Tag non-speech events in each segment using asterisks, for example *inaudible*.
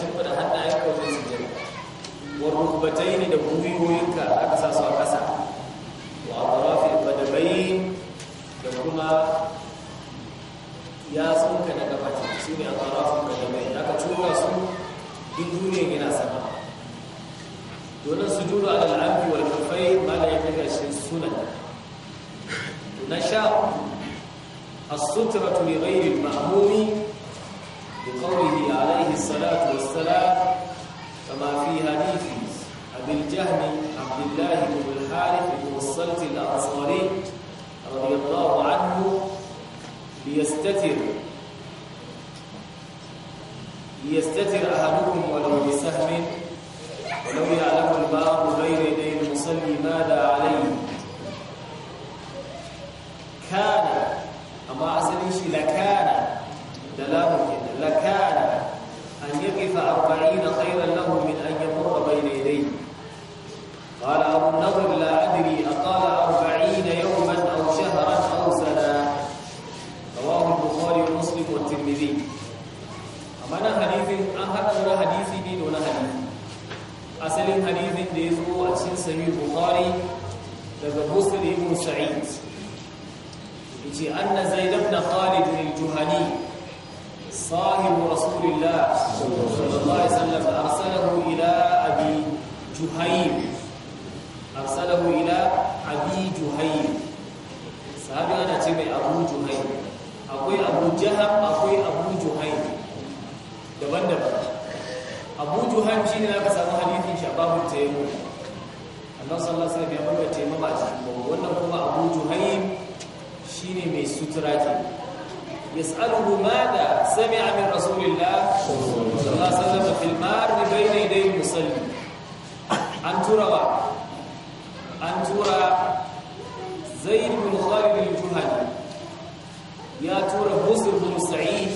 hannaye hannayen ka wajen sujjada wa ne da ka aka sa su a ƙasa wa atrafi qadamai da kuma ya yatsunka na gaba su ne atrafi qadamai aka tura su dindune gina sama Dole su ala al-abdi wal kafai ba da yake shi sunan na sha as-sutratu li ghayri al بقوله عليه الصلاة والسلام كما في حديث أبي الجهم عبد الله بن الحارث بن الصلت الأنصاري رضي الله عنه ليستتر ليستتر أحدكم ولو بسهم ولو يعلم الباب بين يدي المصلي ماذا عليه كان أما أسألين شيء لكان دلاله يجلس أربعين خيرا له من أن يمر بين يديه قال أبو النضر لا أدري أقال أربعين يوما أو شهرا أو سنة رواه البخاري ومسلم والترمذي أما أنا حديث أن هذا حديثي دين ولا حديث أسلم حديث ديزو أتشين سهيل البخاري daga Busr ibn Sa'id yace anna Zaid ibn Khalid al-Juhani sahibu Rasulillah صلى الله عليه وسلم فأرسله إلى أبي جهيم أرسله إلى أبي جهيم صحابي أنا تبعي أبو جهيم أقوي أبو جهم أقوي أبو جهيم دبن دبن أبو جهيم شيني لك سأمو حديث شباب التيمون Allah sallallahu alaihi wasallam ya bada taimama cikin bawo wannan kuma Abu Juhaym shine mai sutura kenan يسأله ماذا سمع من رسول الله صلى الله عليه وسلم في المار بين يدي المصلي أن ترى أن ترى زيد بن خالد الجهني يا ترى بصر بن سعيد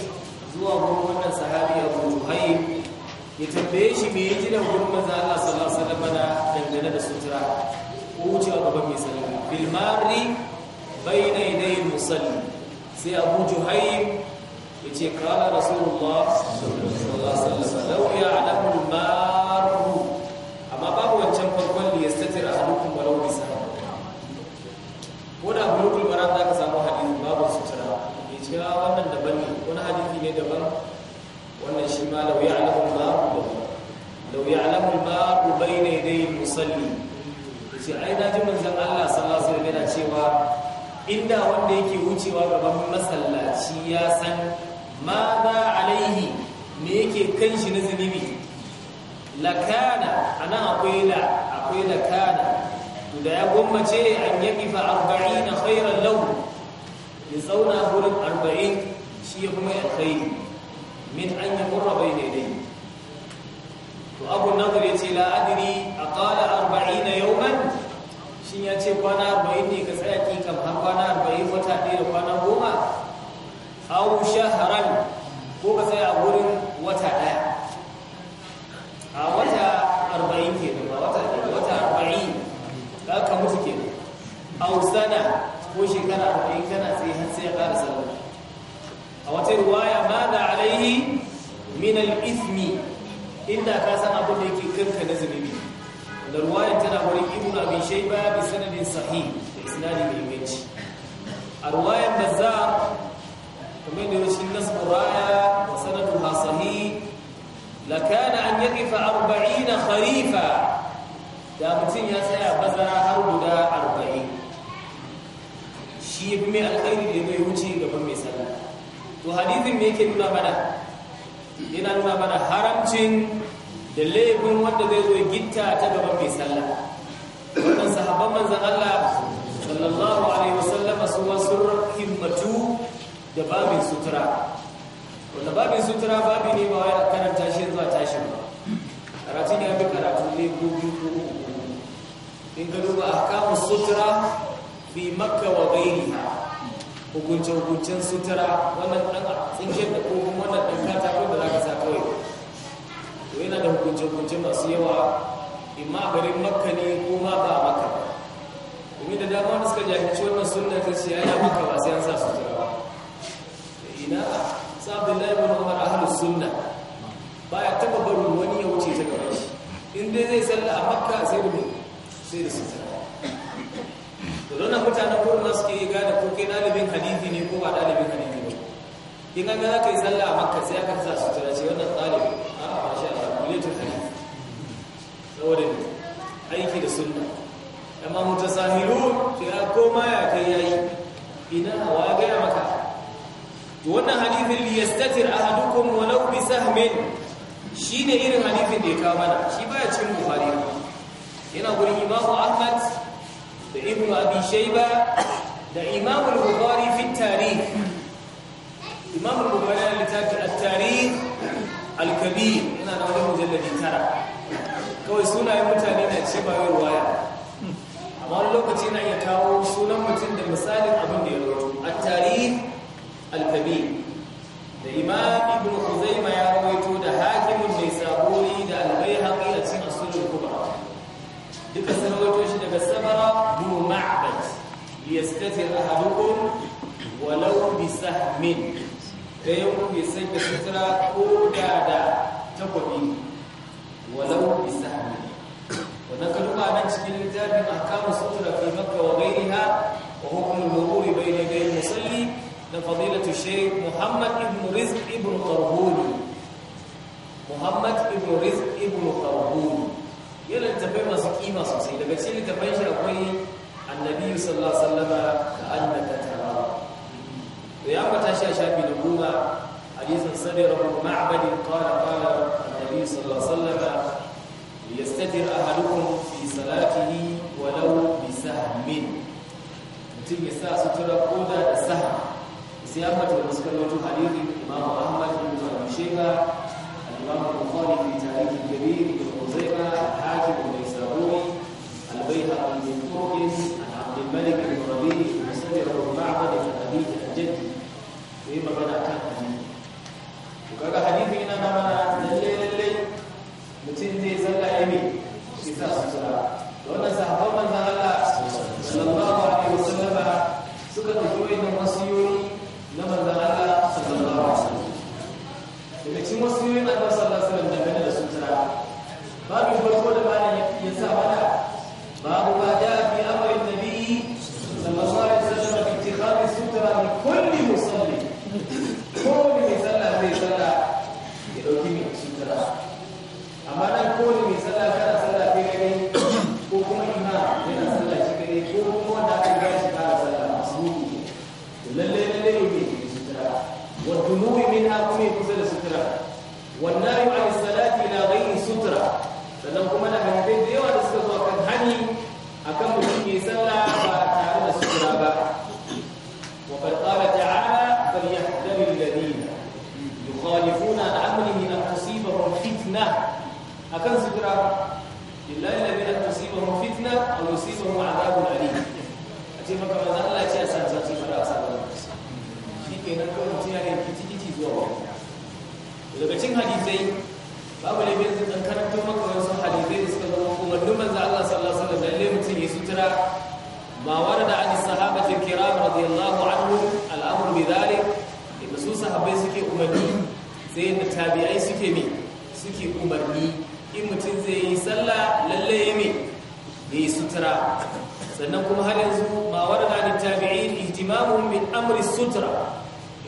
زوا غرمنا صحابي أبو جهيم يتبيش بيجي له غرمة الله صلى الله عليه وسلم دنجنة السترة أوجه أبو بن سلم في المار بين يدي المصلي sai abu juhaim ya ce kala rasulullah sallallahu ya alamun maru amma babu wancan farkon da ya statir a halittun barau bisa ko da bulukul mara za ka samu hadisi babu sutura ya ce ya wannan daban ne wani hadisi ne daban wannan shi ma lau ya alamun maru lau ya alamun maru bai ne dai musalli ya ce ai na ji manzan allah sallallahu alaihi yana cewa inda wanda yake wucewa gaban masallaci ya san ma ba alaihi me yake kan shi na zunubi lakana anan akwai la akwai lakana da ya gwammace an yaki fa 40 khairan lahu ya zauna gurin arba'in shi ya kuma alkhairi min an yamurra bayna yadayhi to abu nadr yace la adri aqala yau man? shi ya ce kwana arba'in ne ka tsaya kikan har kwana arba'in wata ɗaya da kwana goma au shaharan ko ka tsaya a wurin wata ɗaya a wata arba'in ke ba wata ɗaya wata arba'in za ka mutu ke au sana ko shekara arba'in kana tsaye har sai ya ƙara sallah a wata ruwaya ma da alaihi min al-ithmi inda ka san abin da yake kanka na zunubi da ruwayar ta shayba bi sanadin sahih isnadi mai inganci a ruwayan bazzar kuma ne rashin nasbu raya wa sanaduha sahih lakana an yaqifa 40 kharifa da mutum ya tsaya bazara har guda 40 shi yafi mai alkhairi da zai wuce gaban mai sallah to hadithin me yake nuna mana yana nuna mana haramcin da laifin wanda zai zo gitta ta gaban mai sallah wannan sahabban manzan Allah sallallahu alaihi wasallama su ma sun himmatu da babin sutura wanda babin sutura babi ne ba wai a karanta shi zuwa tashin ba karatun ya bi karatu ne gobe ko in ka duba ahkamu sutura fi makka wa ghairiha hukunce hukuncen sutura wannan dan tsinke da ko wannan dan kata ko da zaka sa kawai to yana da hukunce hukunce masu yawa imma a garin makka ne ko ma ba a makka kuma da dama wanda suka jahilci wannan sunna ta ce ya makka ba sai an sa sutura ba ina sa abdullahi bin umar ahlus sunna ya taba barin wani ya wuce ta gaba shi in dai zai salla a makka sai da sai da sutura to don nan mutanen gurin ma suke gane ko kai dalibin hadisi ne ko ba dalibin hadisi ba in an ga zaka yi salla a makka sai aka sa sutura ce wannan dalibi a ba shi saboda aiki da sunna amma mutasahilu to ya koma ya kai yayi ina wa ga maka to wannan hadithin li yastatir ahadukum walau bi sahmin shine irin hadithin da ya kawo mana shi baya cikin bukhari yana gurin imamu ahmad da ibnu abi shayba da imamu al-bukhari fi tarikh imamu al-bukhari littafi tarikh al-kabir yana da wani mujalladi tara kawai sunayen mutane na ce ba yau waya amma wani lokaci na iya kawo sunan mutum da misalin abin da ya rawaito a tarih alkabi da imam ibn huzaima ya rawaito da hakimun mai sabori da albai haƙi a cikin asusun kuma duka sun rawaito shi daga sabara bin ma'abad liyaskatir ahadukum walau bisahmin da yau bai sanya sutura ko da da takwabi ولو بسهم ونكلوا من الكتاب من أحكام السطرة في مكة وغيرها وحكم المرور بين يدي المصلي لفضيلة الشيخ محمد بن رزق بن قرهون محمد بن رزق بن قرهون يلا انت في مصر ايه مصر سيدة بس يلا النبي صلى الله عليه وسلم كأنك ترى ويأمر تشاشا بن الرومة عليه السبب رب المعبد قال قال النبي صلى الله عليه وسلم ليستتر أهلكم في صلاته ولو بسهم نتيجة الساعة سترى قودة السهم سيامة ومسكرة حديث إمام أحمد بن المشيخة الإمام البخاري في تاريخ الكبير بن خزيمة الحاكم بن إسرائيل البيهق بن طرق عن عبد الملك بن ربيع يستدر المعبد في الحديث الجدي فيما بدأ كان حديث وكذا حديث إن أنا mutum zai zalla ya ne shi sa sutura da wannan sahabban manzan Allah sallallahu alaihi wasallam suka ɗauki wayannan wasiyoyi na manzan Allah sallallahu alaihi wasallam daga cikin wasiyoyin na sallallahu alaihi wasallam dangane da sutura babu farko da malam ya sa cikin hadisai babu ne bin da karanta maka wasu hadisai da suka zama duk manzo Allah sallallahu alaihi wasallam lalle mutum ya sutura ma warada an sahabati kiram radiyallahu anhu al'amr bi dhalik da su sahabbai suke umarni sai yadda tabi'ai suke mi suke umarni in mutum zai yi sallah lalle ya mi yi sutura sannan kuma har yanzu ma warada ni tabi'in ihtimamuhum min amri sutura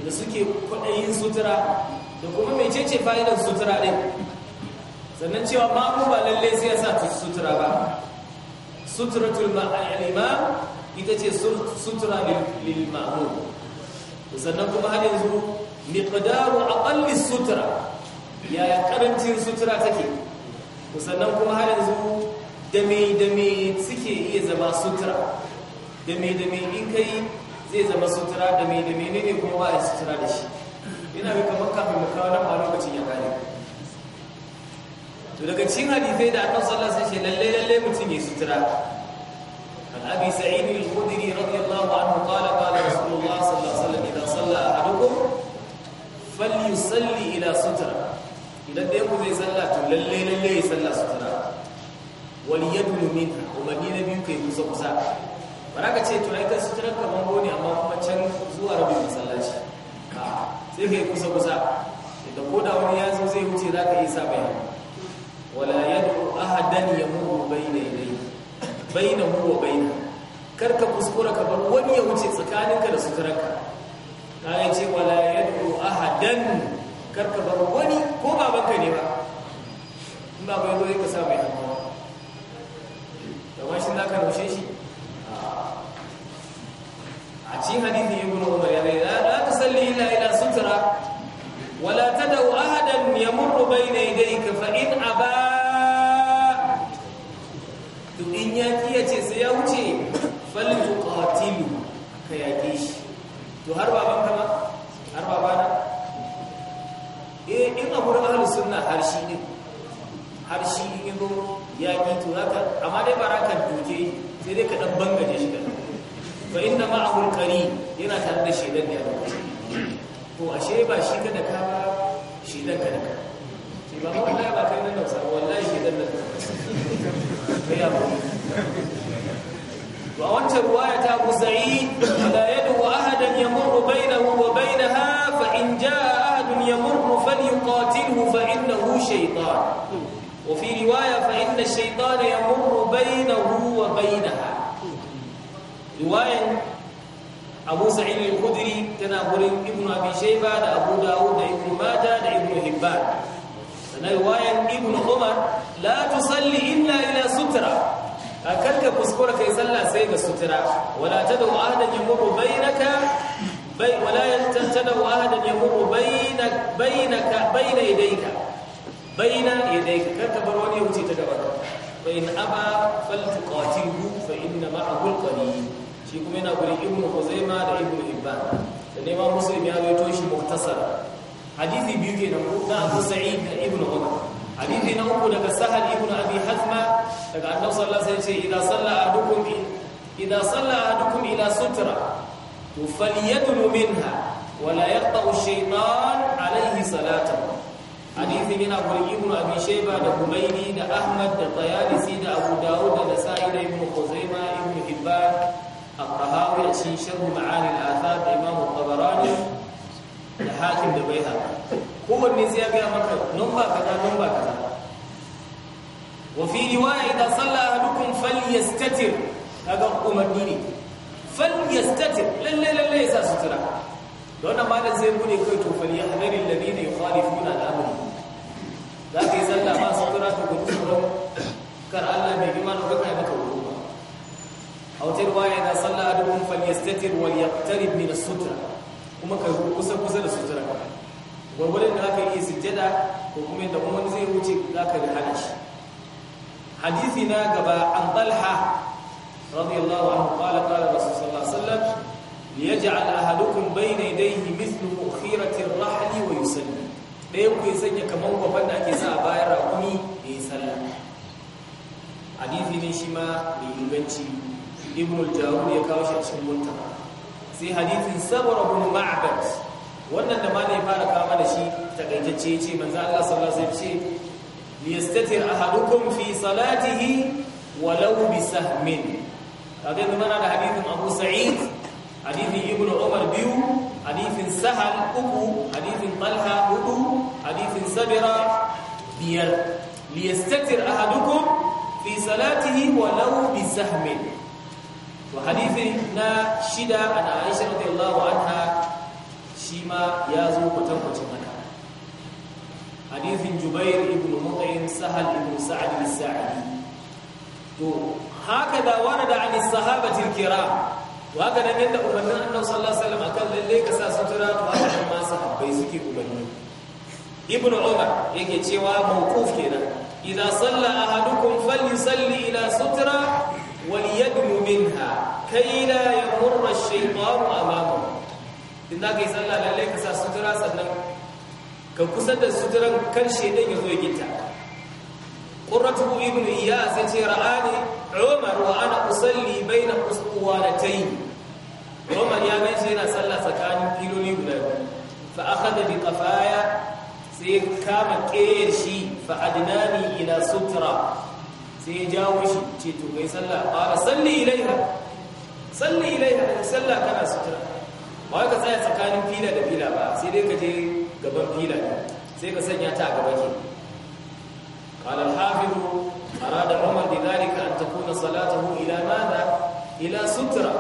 da suke kwaɗayin sutura da kuma mecece fa'idan sutura ɗin sannan cewa mamu ba lalle sai ya sa sutura ba suturatul ma'alima ita ce sutura lil ma'mum sannan kuma har yanzu a ɓalli sutura yaya karancin sutura take sannan kuma har yanzu dame dame suke iya zama sutura dame dame in kai zai zama sutura dame dame ne kuma ba a sutura da shi yana mai kamar kafin mu kawo nan ma lokacin ya kare to daga cikin hadisai da annabi sallallahu alaihi wasallam lalle lalle mutum ya sutura an abi sa'id al-khudri radiyallahu anhu qala qala rasulullah sallallahu alaihi wasallam idan salla ahadukum falyusalli ila sutra idan dai ku zai salla to lalle lalle ya salla sutura wal yadlu minha ubangi na biyu kai kusa kusa ba za ce to ai kan suturar ka bango ne amma kuma can zuwa rabin masallaci a'a sai ka yi kusa-kusa da ko da wani ya zo zai wuce za ka yi sa bayan wala yadu ahadan yamuru bayna bai na wa bai kar ka kuskura ka bar wani ya wuce tsakaninka da suturarka ta ce wala yadu ahadan kar ka bar wani ko babanka ne ba in ba bai zo ka sa mai hannu kamar shi za ka rushe shi a cikin hadithin ibn umar ya zai to har baban ka ba har babana eh in a ahli sunna har shi ne har shi ne go ya ki to zaka amma dai baraka doke sai dai ka dan bangaje shi kan fa inna ma'ahu al-qari yana tare da shi ne a to ashe ba shi ka da ka ba shedan ka da ka shi ba wallahi ba kai nan da wallahi shedan da ka ya ba wa wancan ruwaya ta Abu da ya يمر بينه وبينها فإن جاء أحد يمر فليقاتله فإنه شيطان وفي رواية فإن الشيطان يمر بينه وبينها رواية أبو سعيد الخدري كان ابن أبي شيبة أبو داود ابن ماجه ابن هبان رواية ابن عمر لا تصلي إلا إلى سترة kar kuskura kai sallah sai ga sutura wala tadu ahadan yamuru bainaka bai wala yantadu ahadan yamuru bainak bainaka baina yadayka baina yadayka ka bar wani wuce ta gaba fa in aba faltuqatihu fa inna ma'ahu alqalil shi kuma yana gurin ibnu huzaima da ibnu hibban da neman muslim ya rawaito shi muhtasar hadisi biyu kenan ko da abu sa'id da ibnu umar hadisi na uku daga sahal ibn abi hazma daga annabi sallallahu alaihi wasallam sai salla ahadukum idan salla ahadukum ila sutra to falyadnu minha wala yaqta'u shaytan alaihi salatahu hadisi yana gurin ibn abi shayba da humaini da ahmad da tayalisi da abu dawud da sa'id ibn khuzaimah ibn hibban الطهاوي في شرح معاني الآثار الإمام الطبراني da hakim da bai baiha kowanne sai ya gaya maka numba kaza numba kaza wa fi riwaya idan salla ahadukum falyastatir kaga umarni ne falyastatir lalle lalle ya sa sutura da wannan malam zai bude kai to falyahdari alladhina yukhalifuna al-amr za ke yi sallah ba sutura to gudu tsoron kar Allah mai girma da kuka yi maka wuri ba a wata riwaya idan salla ahadukum falyastatir wal yaqtarib min as-sutra kuma ka kusa kusa da sutura ka gwargwadon da aka yi sujjada ko kuma da wani zai wuce za ka hana shi hadisi na gaba an talha radiyallahu anhu qala qala rasul sallallahu alaihi wasallam liyaj'al ahadukum bayna yadayhi mithlu ukhirati ar-rahli wa yusalli dai ku sanya kamar gwafan da ake sa a bayan rakumi yayi sallah hadisi ne shi ma mai inganci ibnu al-jawud ya kawo shi a cikin muntaka sai hadithin sabara bin ma'bad wannan da malai fara kama da shi takaitacce yace manzo Allah sallallahu alaihi wasallam ce liyastatir ahadukum fi salatihi walau bi sahmin kaga da mana da hadithin Abu Sa'id hadithin Ibn Umar biyu hadithin Sahal uku hadithin Talha uku hadithin Sabira biyar liyastatir ahadukum fi salatihi walau bi sahmin wa hadisi na shida ana Aisha radiyallahu anha shima ma ya zo kwatankwacin haka hadithin Jubair ibn Mut'im Sahal ibn Sa'd al-Sa'di to haka da warada an sahabati al-kiram wa haka nan yadda ubannin Annabi sallallahu alaihi wasallam akan lalle ka sa sutura to haka nan ma sahabbai suke ubanni ibn Umar yake cewa mawquf kenan idza salla ahadukum falyusalli ila sutra waliyadu minha kai la yamurra shaytanu amamu inda kai sallah lalle ka sa sutura sannan ka kusa da suturan kan shedan yazo ya gita qurratu ibn iyas sai ce ra'ani umar wa ana usalli baina usuwanatayn umar ya mai sai na sallah tsakanin filoli guda fa akhadha bi qafaya sai kama kishi fa adnani ina sutra sai ya jawo shi ce to kai sallah fara salli ilaiha salli ilaiha sallah kana sutura ba ka tsaya tsakanin fila da fila ba sai dai ka je gaban fila sai ka sanya ta a gaban ke qala al-hafiz arada umar bi dhalika an takuna salatuhu ila da ila sutura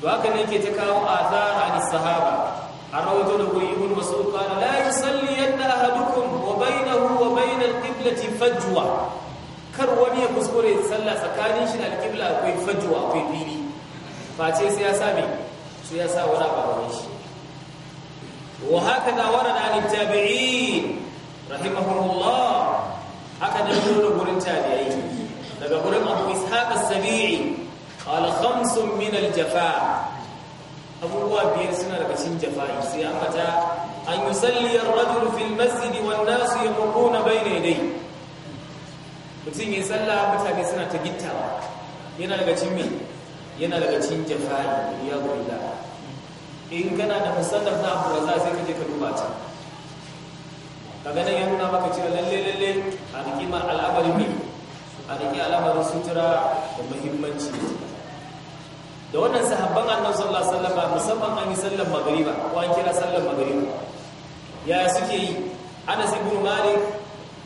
Ba ka ne ke ta kawo azar an sahaba الروجل ابن مسعود قال لا يصلين أحدكم وبينه وبين القبلة فجوة kar wani ya kuskure sallah tsakanin shi da alƙibla akwai fajwa akwai fili face sai ya sa me su ya sa wani abu shi wa haka da warada an tabi'in rahimahumullah haka da nuna gurin tabi'ai daga gurin abu ishaq as-sabi'i qala khamsun min al-jafa abubuwa biyar suna daga cikin jafa'i sai an fata an yusalli ar-rajul fil masjid wan nas yamuruna bayna yadayhi mutum ya salla mutane suna ta gittawa yana daga cikin me yana daga cikin jafa'i ya billah in kana da musallar na Abu Raza sai kaje ka duba ta kaga nan ya nuna maka cewa lalle lalle a rikima al'amari ne a rikima al'amarin sutura da muhimmanci da wannan sahabban annabi sallallahu alaihi wasallam musamman an yi sallar magriba ko an kira sallar magriba ya suke yi Anas ibn Malik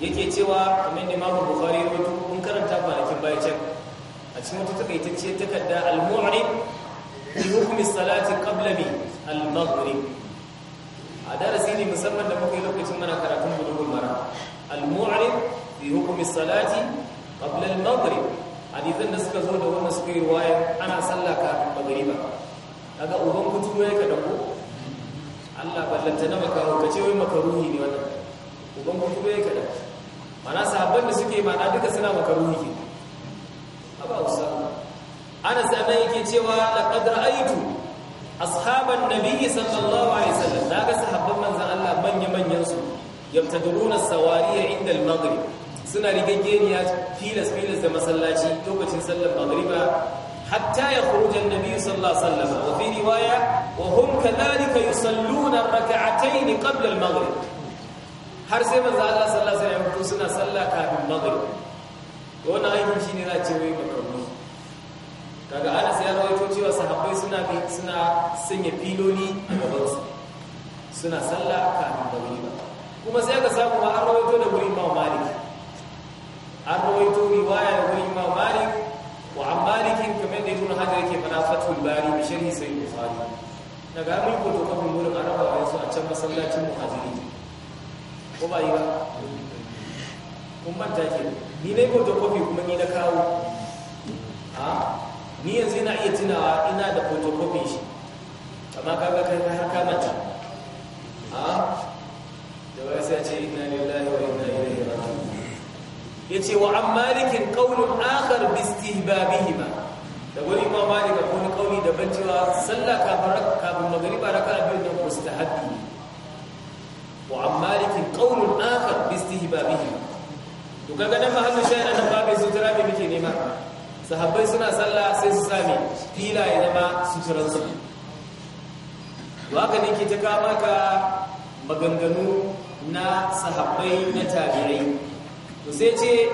yake cewa kamar da Imam Bukhari ya rubuta kun karanta kwanakin baya can a cikin wata takaitacce takarda al-mu'rid bi hukmi salati qabla bi al-maghrib a darasi ne musamman da muka yi lokacin mana karatun bulugul mara al-mu'rid bi hukmi salati qabla al hadisan da suka zo da wannan suka yi wayan ana sallah kafin magariba kaga uban kuturo ya kada ko Allah ballanta na makaru ka ce wai makaruhi ne wannan uban kuturo ya kada mana sahabban da suke mana duka suna makaruhi ne. aba usama ana sanan yake cewa laqad ra'aytu ashaban nabiyyi sallallahu alaihi wasallam daga sahabban manzon Allah manya manyan su yamtaduruna sawariya inda al-maghrib suna rigageniya filas filas da masallaci lokacin sallar magriba hatta ya khurujan nabi sallallahu alaihi sallama. wa fi riwaya wa hum yi yusalluna rak'atayn qabla al-maghrib har sai manzo Allah sallar alaihi wasallam mutu suna sallar kafin maghrib wannan aikin shine za ce wai makarru kaga Anas ya rawaito cewa sahabbai suna suna sanya filoli a gabansu suna sallar kafin maghrib kuma sai aka samu ma an rawaito da wurin Imam Malik an rawaito riwaya da imam malik wa an malikin kamar da ibn hajar yake fara fatul bari bi sharhi sai bukhari daga mun ko to kafin gurin araba wa su a can masallacin muhajiri ko ba yi ba kun manta ke ni ne ko to kofi kuma ni na kawo a ni yanzu ina iya tunawa ina da photocopy shi amma kaga kai har ka mata a da wai sai ce inna lillahi wa inna ilaihi raji'un yace wa an malikin qaulun akhar bi istihbabihima da wani ma malik ko ni kauli da ban sallah kafin kafin magriba raka'a biyu da mustahabbi wa an malikin qaulun akhar bi istihbabihima to kaga nan mahallin shayar nan babu sutura me muke nema sahabbai suna sallah sai su sami fila ya zama suturan su to ne ke ta kama ka maganganu na sahabbai na tabi'ai to ce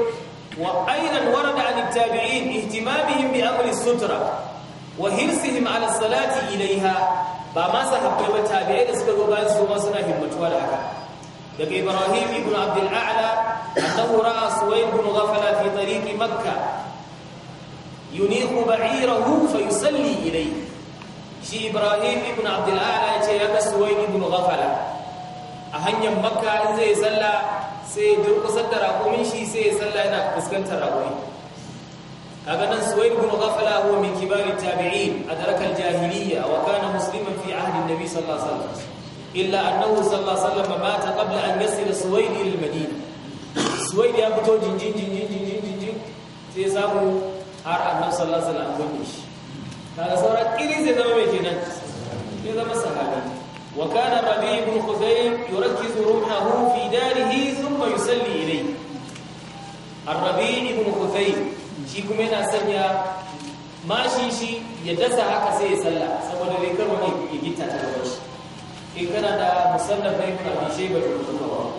wa aidan warada an tabi'in ihtimamihim bi amri sutra wa hirsihim ala salati ilaiha ba ma sahabbai ba tabi'ai da suka zo bayan su ma suna himmatuwa da haka daga Ibrahim ibn Abd al-A'la annahu ra'a Suwayd ibn Ghafala fi tariqi Makkah yuniqu ba'irahu fa yusalli ilayhi shi Ibrahim ibn Abd al-A'la yace ya ga Suwayd ibn Ghafala a hanyar Makka in zai sallah sai durkusar da raƙumin shi sai ya salla yana fuskantar raƙumi kaga nan suwaid bin ghafala huwa min kibari tabi'in adraka al-jahiliyya wa kana musliman fi ahdi an-nabi sallallahu alaihi wasallam illa annahu sallallahu alaihi wasallam mata qabla an yasila suwaid ila al-madina suwaid ya fito jinjin jinjin jinjin jinjin sai samu har annabi sallallahu alaihi wasallam gunne shi kaga saura kiri zai zama mai kenan sai zama sahabi وكان ربيع بن خزيم يركز روحه في داره ثم يسلي إليه الربيع بن خزيم شيكو من أسميا ما شيشي يدسى حقا سي يسلى سبب ذكر وني يجيت تتلوش إن كان دا مسلم بيكنا في شيء بجمع الله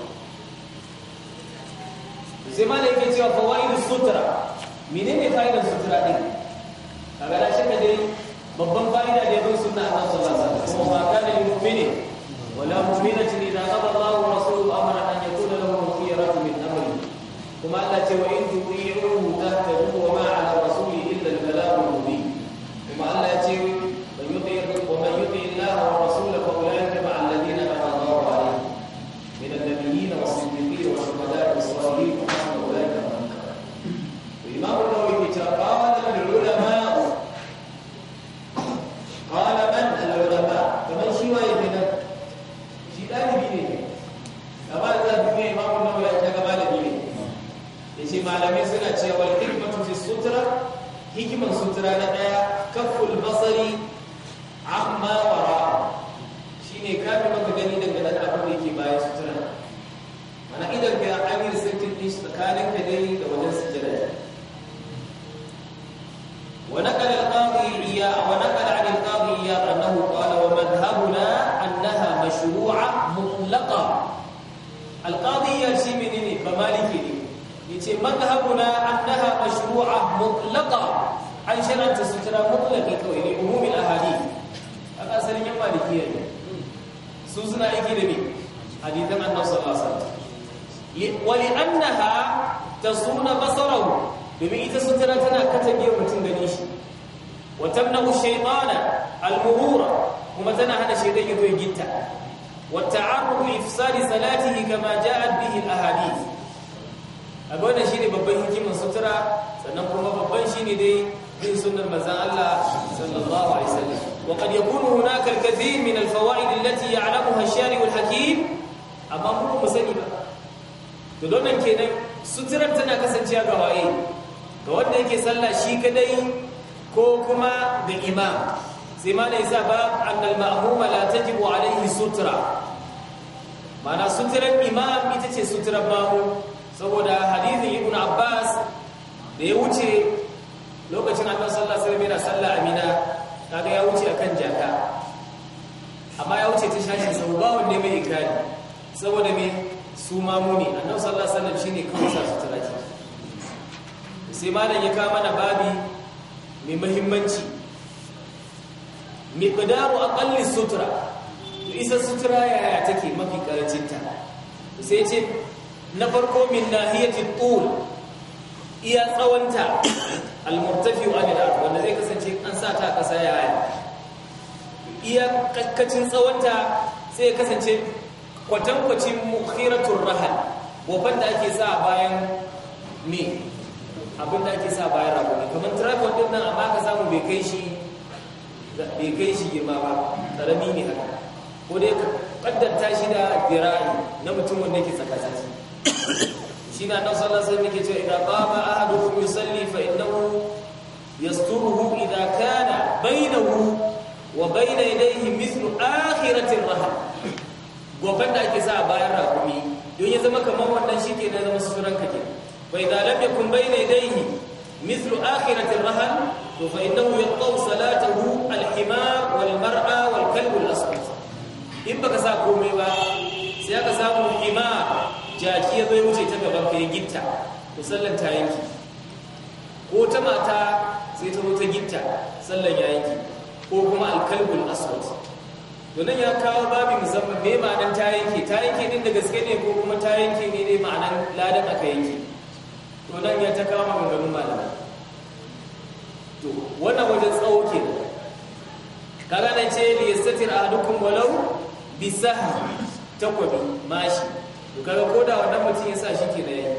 زي ما لك يجيوا فوائد السترة منين يفايد السترة دي أغلاشك دي babban fa'ida da bin sunna Allah sallallahu alaihi wasallam kuma ba kana lil mu'mini wala mu'minatin idza qada Allahu wa rasuluhu amran an yakuna lahum khiyaratu min amri kuma Allah ce wa in tu'i'uhu tahtadu wa ma 'ala rasuli illa al-balaghu mubin kuma Allah ce alqadi ya shi ne ba maliki ne Ya yace madhhabuna annaha mashru'a mutlaqa an shiranta sutura mutlaqa kawai ne umumin ahadith aka asalin yan malikiya ne su suna aiki da me hadithan annabi sallallahu alaihi wasallam wa li'annaha tasuna basarahu domin ita sutura tana katange mutum ganin shi wa tamna shaytana al-murura kuma tana hana shaytan ya zo gitta وتعرض لافساد صلاته كما جاء به الاحاديث abona shine babban hikimin sutura sannan kuma babban shine dai bin sunnar manzon Allah sallallahu alaihi wasallam wa kad yakunu hunaka alkathir min alfawaid allati ya'lamuha ash-shari' alhakim amma mu musani ba to don nan kenan suturar tana kasancewa ga waye ga wanda yake sallah shi kadai ko kuma ga imam sai ma da yasa ba annal ma'muma la tajibu alaihi sutra mana suturar imam ita ce suturar ma'mum saboda hadithin ibn abbas da ya wuce lokacin annabi sallallahu alaihi wasallam sallah amina kaga ya wuce akan jaka amma ya wuce ta shashin sau ba wanda mai ikari saboda me su mamuni annabi sallallahu alaihi wasallam shine kansa sutura ce sai malam ya kama mana babi mai muhimmanci miqdaru aqalli sutura isa sutura yaya take mafi karancin ta sai ce na farko min nahiyati tul iya tsawanta almurtafi wa anil ard wanda zai kasance an sa ta kasa yaya iya kakkacin tsawanta sai ya kasance kwatankwacin mukhiratul rahal wafan da ake sa bayan me abin da ake sa bayan ne. kamar tripod din nan amma ka samu bai kai shi bai kai shi girma ba karami ne haka ko dai ka kaddanta shi da dira'i na mutum wanda yake tsakatsaki shi na nan sallar sai muke cewa idan qama ahadukum yusalli fa innahu yasturuhu idan kana bainahu wa bai baina yadayhi mithlu akhiratir rahab goban da ake sa a bayan rakumi don ya zama kamar wannan shi ke na zama suturan ka ke fa idan lam yakun baina yadayhi mithlu akhiratir rahab to fa innahu yaqta in baka sa komai ba sai aka samu hima jaki ya bai wuce ta gaban ka ya gitta to sallan ta yanki ko ta mata sai ta zo ta gitta sallan ya yanki ko kuma alkalbul aswad to nan ya kawo babin musamman me ma'anar ta yanke ta yanke din da gaske ne ko kuma ta yanke ne ne ma'anar ladan aka yanke to nan ya ta kawo maganganun malamai to wannan wajen tsawo kenan kaga na ce yastatir ahadukum walau bisaha takwabi mashi to kaga koda wannan mutum ya sa shi ke da yayi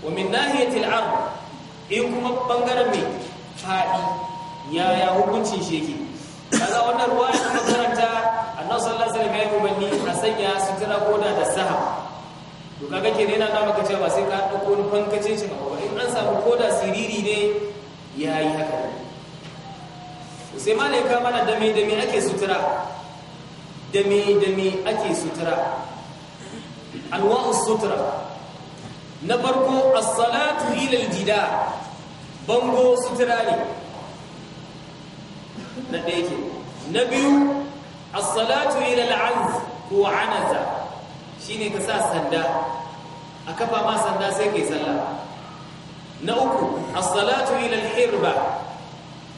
wa min nahiyatil ard in kuma bangaren mai fadi yaya hukuncin shi yake kaga wannan ruwa ya kuma karanta annabi sallallahu alaihi wasallam ya yi umarni a sanya sutura koda da saha to kaga ke na da maka cewa sai ka dauko wani fankacin shi ba in an samu koda siriri ne yayi haka sai malai mana dame dame ake sutura dami dami ake sutura anwa'u sutura na farko as-salatu ila al jida bango sutura ne na ɗaya na biyu as-salatu ila al-anz ko anaza shine ka sa sanda a kafa ma sanda sai kai sallah na uku as-salatu ila al-hirba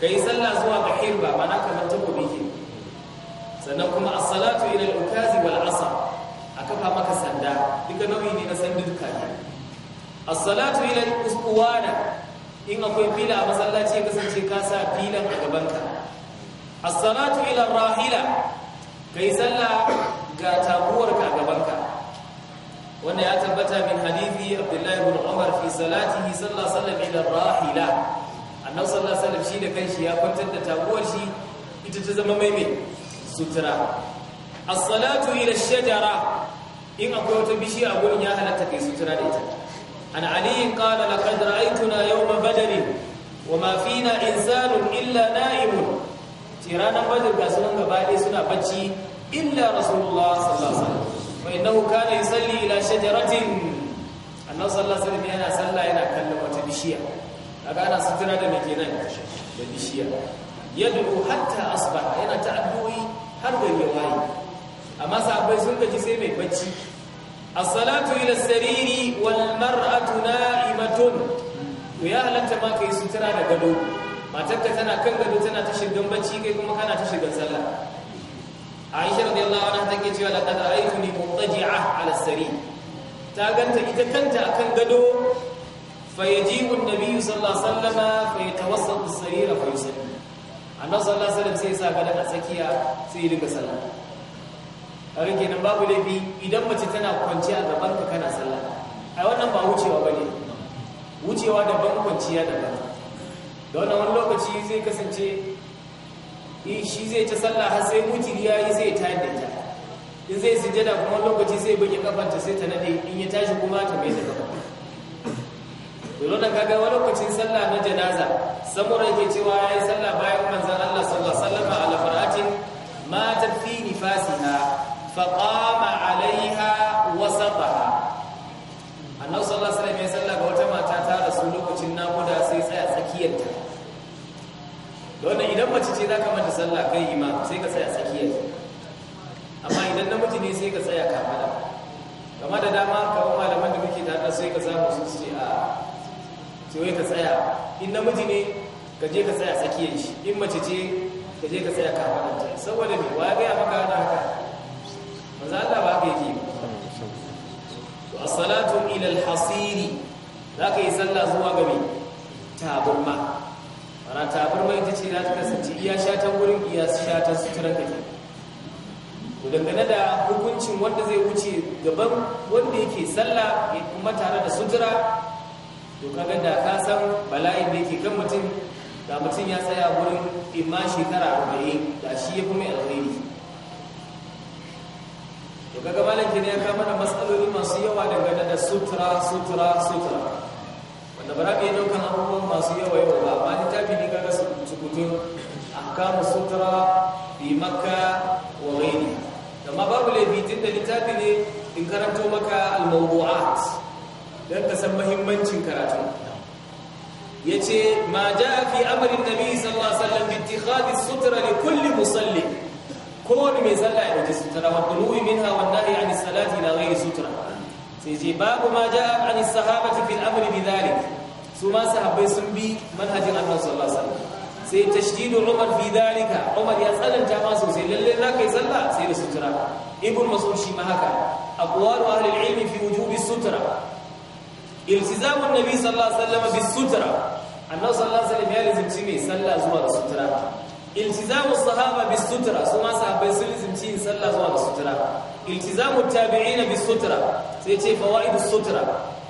kai sallah zuwa ga hirba mana kamar takobi ke sannan kuma as-salatu ila al-ukazi wal asa akafa maka sanda duka nau'i ne na sanda sanduka ne as-salatu ila al-usbuwana in akwai fila a masallaci ya kasance ka sa filan a gaban ka as-salatu ila rahila kai sallah ga taguwar ka gaban ka wanda ya tabbata min hadithi Abdullahi ibn Umar fi salatihi sallallahu alaihi ila rahila annabi sallallahu alaihi wasallam shi da kanshi ya kwantar da taguwar shi ita ta zama mai mai sutura as-salatu ila shajara in akwai wata bishiya gurin ya halatta kai sutura da ita an ali qala laqad ra'aytuna yawma badr wa ma fina insanun illa na'imun tiranan badr ga sunan gaba ɗaya suna bacci illa rasulullah sallallahu alaihi wasallam wa innahu kana yusalli ila shajaratin annabi sallallahu alaihi wasallam yana sallah yana kallon wata bishiya kaga ana sutura da mai kenan da bishiya yadu hatta asbaha yana ta'addu'i har gari ya wayi. amma sahabbai sun gaji sai mai bacci as-salatu ila sariri wal mar'atu na'imatun to ya halatta ma kai sutura da gado matarka tana kan gado tana ta shirgan bacci kai kuma kana ta shirgan sallah Aisha radiyallahu anha take cewa laqad araytuni muttaji'a 'ala as ta ganta ita kanta akan gado fayajibu an-nabiy sallallahu alaihi wasallam fayatawassatu as-sarira fayusalli annabi sallallahu alaihi wasallam sai ya sa gadan tsakiya sai ya dinga sallah kare kenan babu laifi idan mace tana kwanci a gaban ka kana sallah ai wannan ba wucewa bane wucewa daban kwanciya daban da wannan wani lokaci zai kasance shi zai ta sallah har sai mutiri ya yi sai ya tayar da ita in zai sujada kuma lokaci sai buge kafanta sai ta nade in ya tashi kuma ta mai da domin da kaga wani lokacin sallah na janaza saboda ke cewa ya yi sallah bayan manzan Allah sallallahu alaihi wasallam ala faratin matat fi nifasiha fa qama alaiha wasataha annabi sallallahu alaihi wasallam ya sallah ga wata mata ta rasu lokacin nakuda sai tsaya tsakiyarta don idan mace ce zaka mata sallah kai imam sai ka tsaya tsakiyarta amma idan namiji ne sai ka tsaya kafada kama da dama kawo malaman da muke da sai ka samu su ce a sai ka tsaya in namiji ne ka je ka tsaya tsakiyar shi in mace ce ka je ka tsaya kafin ta saboda me wa gaya maka da haka ba manzo Allah ba ka yi ke ba a salatu ilal hasiri za ka yi sallah zuwa ga me taburma ana taburma ita ce za ta kasance iya sha ta gurin iya sha ta ka kake to dangane da hukuncin wanda zai wuce gaban wanda yake sallah kuma tare da sutura to kaga da ka san bala'i da yake kan mutum da mutum ya tsaya wurin imma shekara 40 da shi ya fi mai alheri to kaga malam kine ya kama da matsaloli masu yawa dangane da sutura sutura sutura wanda ba za ka yi daukan abubuwan masu yawa yawa ba amma littafi ne kaga a kama sutura bi makka wa ghairiha amma babu laifi tun da littafi ne in karanto maka al-mawdu'at don ta san mahimmancin karatu ya ce ma ja fi amarin nabi sallallahu alaihi wasallam sutura ne kulli musalli kowane mai sallah ya dauki sutura wa qulubi minha wa nahi an salati na ghayri sutura sai ce babu ma ja an sahabati fil amri bi su masu sahabbai sun bi manhajin annabi sallallahu sai tashdidu umar fi dalika umar ya tsananta ma sosai lalle za ka yi sallah sai da sutura ibn masoshi ma haka aqwalu ahli al-ilm fi wujubi sutura iltizamu annabi sallallahu alaihi wasallam bis annabi sallallahu alaihi wasallam ya lazimci mai sallah zuwa da sutura iltizamu sahaba bis sutra su ma sahabbai sun lazimci yin sallah zuwa da sutura iltizamu tabi'ina bis sutra sai ce fawaidus sutra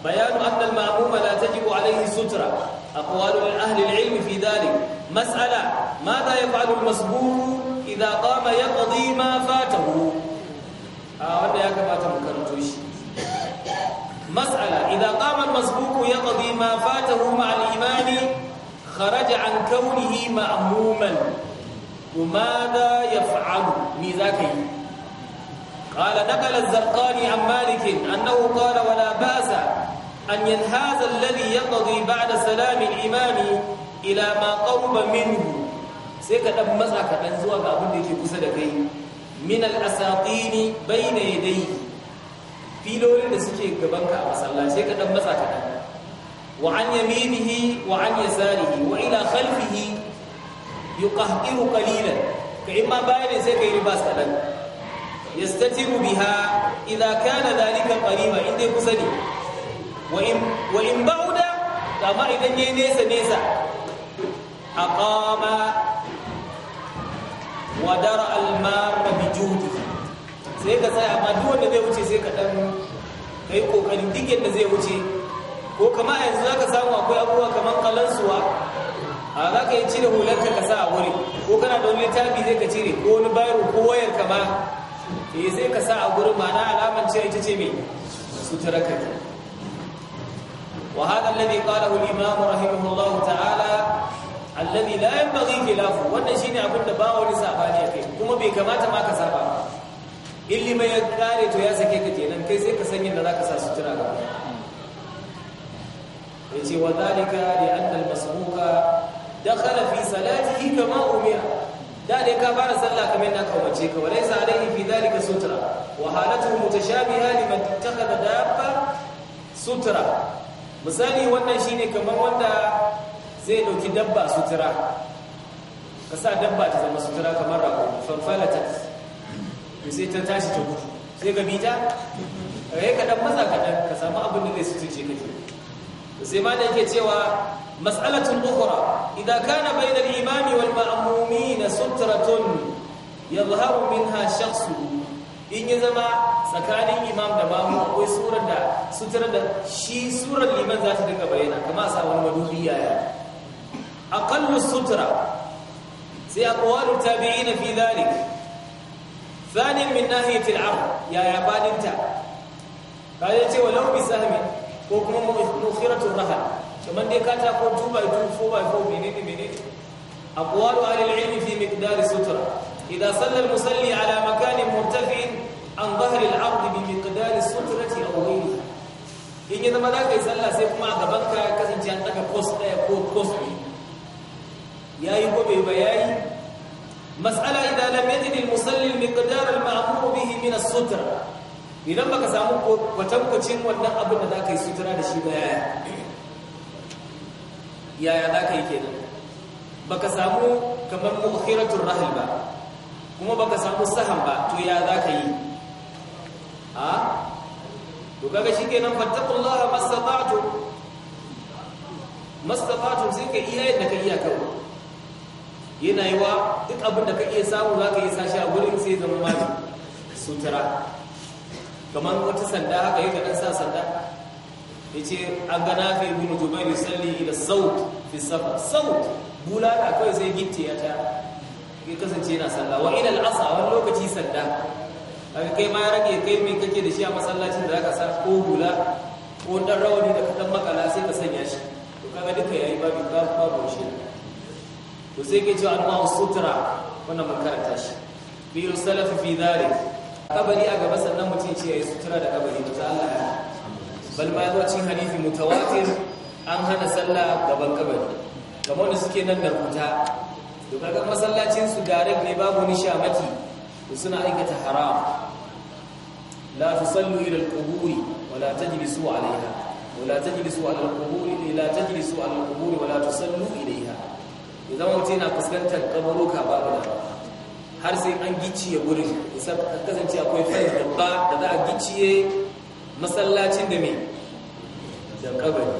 بيان أن المأموم لا تجب عليه سترة fi من أهل العلم في ذلك مسألة ماذا يفعل المسبوق إذا قام a wanda ya kamata mu karanto shi. Mas'ala idza qama al ya yaqdi ma fatahu ma'al iman kharaja an kaunihi ma'muman umada yaf'alu mi zakai qala nakal az-zarqani an malik annahu qala wala ba'sa an yanhaza ya yaqdi ba'da da salamin iman ila ma qawba minhu sai ka dan matsa kaɗan zuwa ga da yake kusa da kai min al-asaqini bayna yadayhi filolin da suke gabanka a masallaci ka dan matsa kaɗan wa an yaminihi wa an yasarihi wa ila khalfihi yuqahqiru qalilan ka imma bayani sai kai ribas kaɗan yastatiru biha idza kana dhalika qariba inda kusa wa in wa in ba'uda kama idan yayi nesa nesa aqama wa dara al-marra bi sai ka tsaya amma duk wanda zai wuce sai ka dan kai kokari duk yadda zai wuce ko kama a yanzu zaka samu akwai abubuwa kamar kalansuwa a za ka yi cire hularka ka sa a wuri ko kana da wani littafi zai ka cire ko wani bayro ko wayar ka ba eh sai ka sa a gurin ma'ana alamar cewa ita ce mai sutura ka وهذا الذي قاله الإمام رحمه الله تعالى الذي لا ينبغي خلافه wannan shine abin da ba wani sabani yake kuma bai kamata ma ka saba in lima ya kare to ya sake ka kenan kai sai ka sanya yadda za ka sa sutura ga ya ce wa zalika da annal masbuka dakhala fi salatihi kama umira da dai ka fara sallah kamar na kawace ka walai sa alaihi fi zalika sutura wa halatu mutashabiha liman ittakhadha dabba sutura misali wannan shine kamar wanda zai dauki dabba sutura ka sa dabba ta zama sutura kamar rago fanfalatat sai ta tashi ta gudu sai ka bita rai eh, ka dan maza kaɗan ka samu abin da zai sutuce ka to sai ma da yake cewa mas'alatun ukhra idza kana bayna al-imam wal ma'mumin sutratun yadhharu minha shakhsu in ya zama tsakanin imam da mamu akwai surar da da shi surar liman za ta dinga bayyana kamar sa wani madubi yaya aqallu sutura sai aqwalu tabi'ina fi dhalik zanin min nahiyatil am ya ya badinta bayan ce walau bi sahmi ko kuma mukhiratul rahal kamar dai 2 by 2 4 by 4 menene menene aqwalu ahli al fi miqdar sutra idha salla musalli ala makanin murtafi'in an dhahri al-ard bi miqdar sutrati aw ghayrihi in ya zama za ka yi sallah sai kuma a gaban ka kasance an daga post ko post ya yi ba ya yi mas'ala idan lam yajid al-musalli al-miqdar al-ma'mur bihi min as-sutra idan baka samu kwatankwacin wannan abin da zaka yi sutura da shi ba yaya yaya zaka yi kenan baka samu kamar mu'khiratul rahil ba kuma baka samu sahan ba to ya zaka yi a to kaga shikenan fattaqullaha mastata'tum mastata'tum sai ka iya yadda ka iya kawai yana yi wa duk abin da ka iya samu za ka iya sashi a wurin sai zama mafi sutura kamar wata sanda haka yi ganin sa sanda ya ce an gana fi ibn jubairu salli da saut fi safa saut bula da kawai sai gitte ya ta ya kasance yana salla wa ila al'asa wani lokaci sanda haka kai ma ya rage kai mai kake da shi a masallacin da aka sa ko hula ko dan rawani da ka makala sai ka sanya shi to kaga duka yayi babu babu babu shi to sai ke cewa anwa sutura wannan mun karanta shi bi salafi fi dhalik kabari a gaba sannan mutum ce yayi sutura da kabari to Allah ya bal ma yazo cikin hadisi mutawatir an hana sallah gaban kabari kamar wanda suke nan da kuta to kaga masallacin su direct ne babu nishamaki suna aikata haram la tusallu ila al-quburi wala tajlisu 'alayha wala tajlisu 'ala al-quburi la tajlisu 'ala al-quburi wala tusallu ilayha idan mutum yana fuskantar kabaruka ba da har sai an giciye wurin isa kasance akwai da babba da za a giciye masallacin da mai da kabari